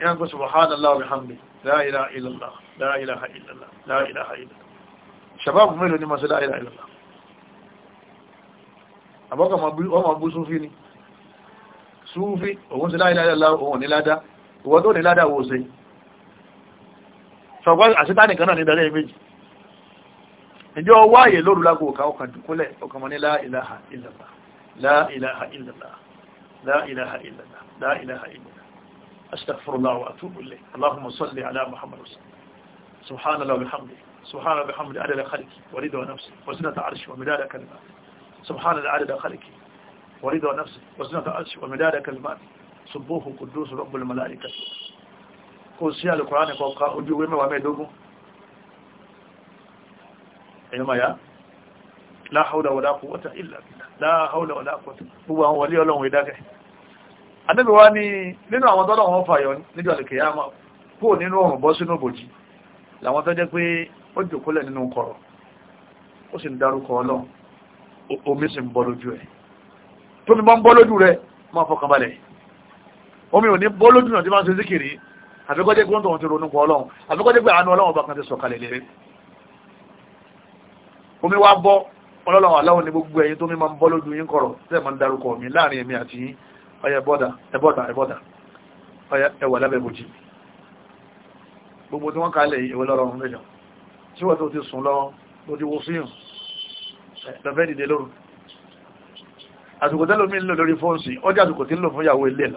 yán kó subhanallah bihamdi la ilaha illallah la ilaha illallah la àbọ́kà ọmọ bú súfí ni súfí òun sí la òun ní ládá ìwọ tó ní ládà wo ṣe ṣọ̀gbọ́n àṣítánì kan náà ní ìdálẹ́ méjì ìjọ wáyé lóru lágbo ọ̀ka ọkàn dùkúlẹ̀ ọkàn mọ́ ní la ilaha illallah la ilaha illallah la ilaha illallah la ilaha illallah astaghfirullah wa atubu ilayh allahumma ṣubúhù kudus rọ́bùl mọ́láríkà kò sí alùkùrá nìkan ká ojú ìwé mẹ́wàá mẹ́ẹ̀dógún ẹ̀yọ́ maya láhàúdà wàdá kúwọ́ta ìlà láhàúdà wàdá kúwọ́ta gbogbo àwọn wọlé ọlọ́run ìdákẹ́ adébí wá ní nínú àwọn tọ́lọ̀ wọn fàyọ níjọ àlùkìyàmá kó nínú ọ̀rùn bọ́ sínú bòjì làwọn tọ́jẹ́ pé ó jòkólẹ̀ nínú kọ̀rọ̀ ó sì ń dárúkọ ọlọ́run omi sì ń bọ́ lójú ẹ̀ tómi omi ò ní bó lójú náà tí wọ́n ṣe síkìrì àfikọ́jẹ́ pé wọ́n tọ̀hún ti ronú pọ̀ ọlọ́run àfikọ́jẹ́ pé àánú ọlọ́run bá kan ti sọ̀kalẹ̀ lérè omi wá bọ́ ọlọ́run aláwọ̀ ní gbogbo ẹ̀yin tó mi máa ń bọ́ lójú yín kọ̀rọ̀ tẹ́ máa ń darúkọ mi láàrin èmi àti yín ọyẹ bọ́dà ẹbọ́dà ẹbọ́dà ọyẹ ẹwà lábẹ́ bòjì gbogbo tí wọ́n kalẹ̀ ìwé lọ́rọ̀run lẹ́jọ tí wọ́n tó ti sùn lọ tó ń lò lórí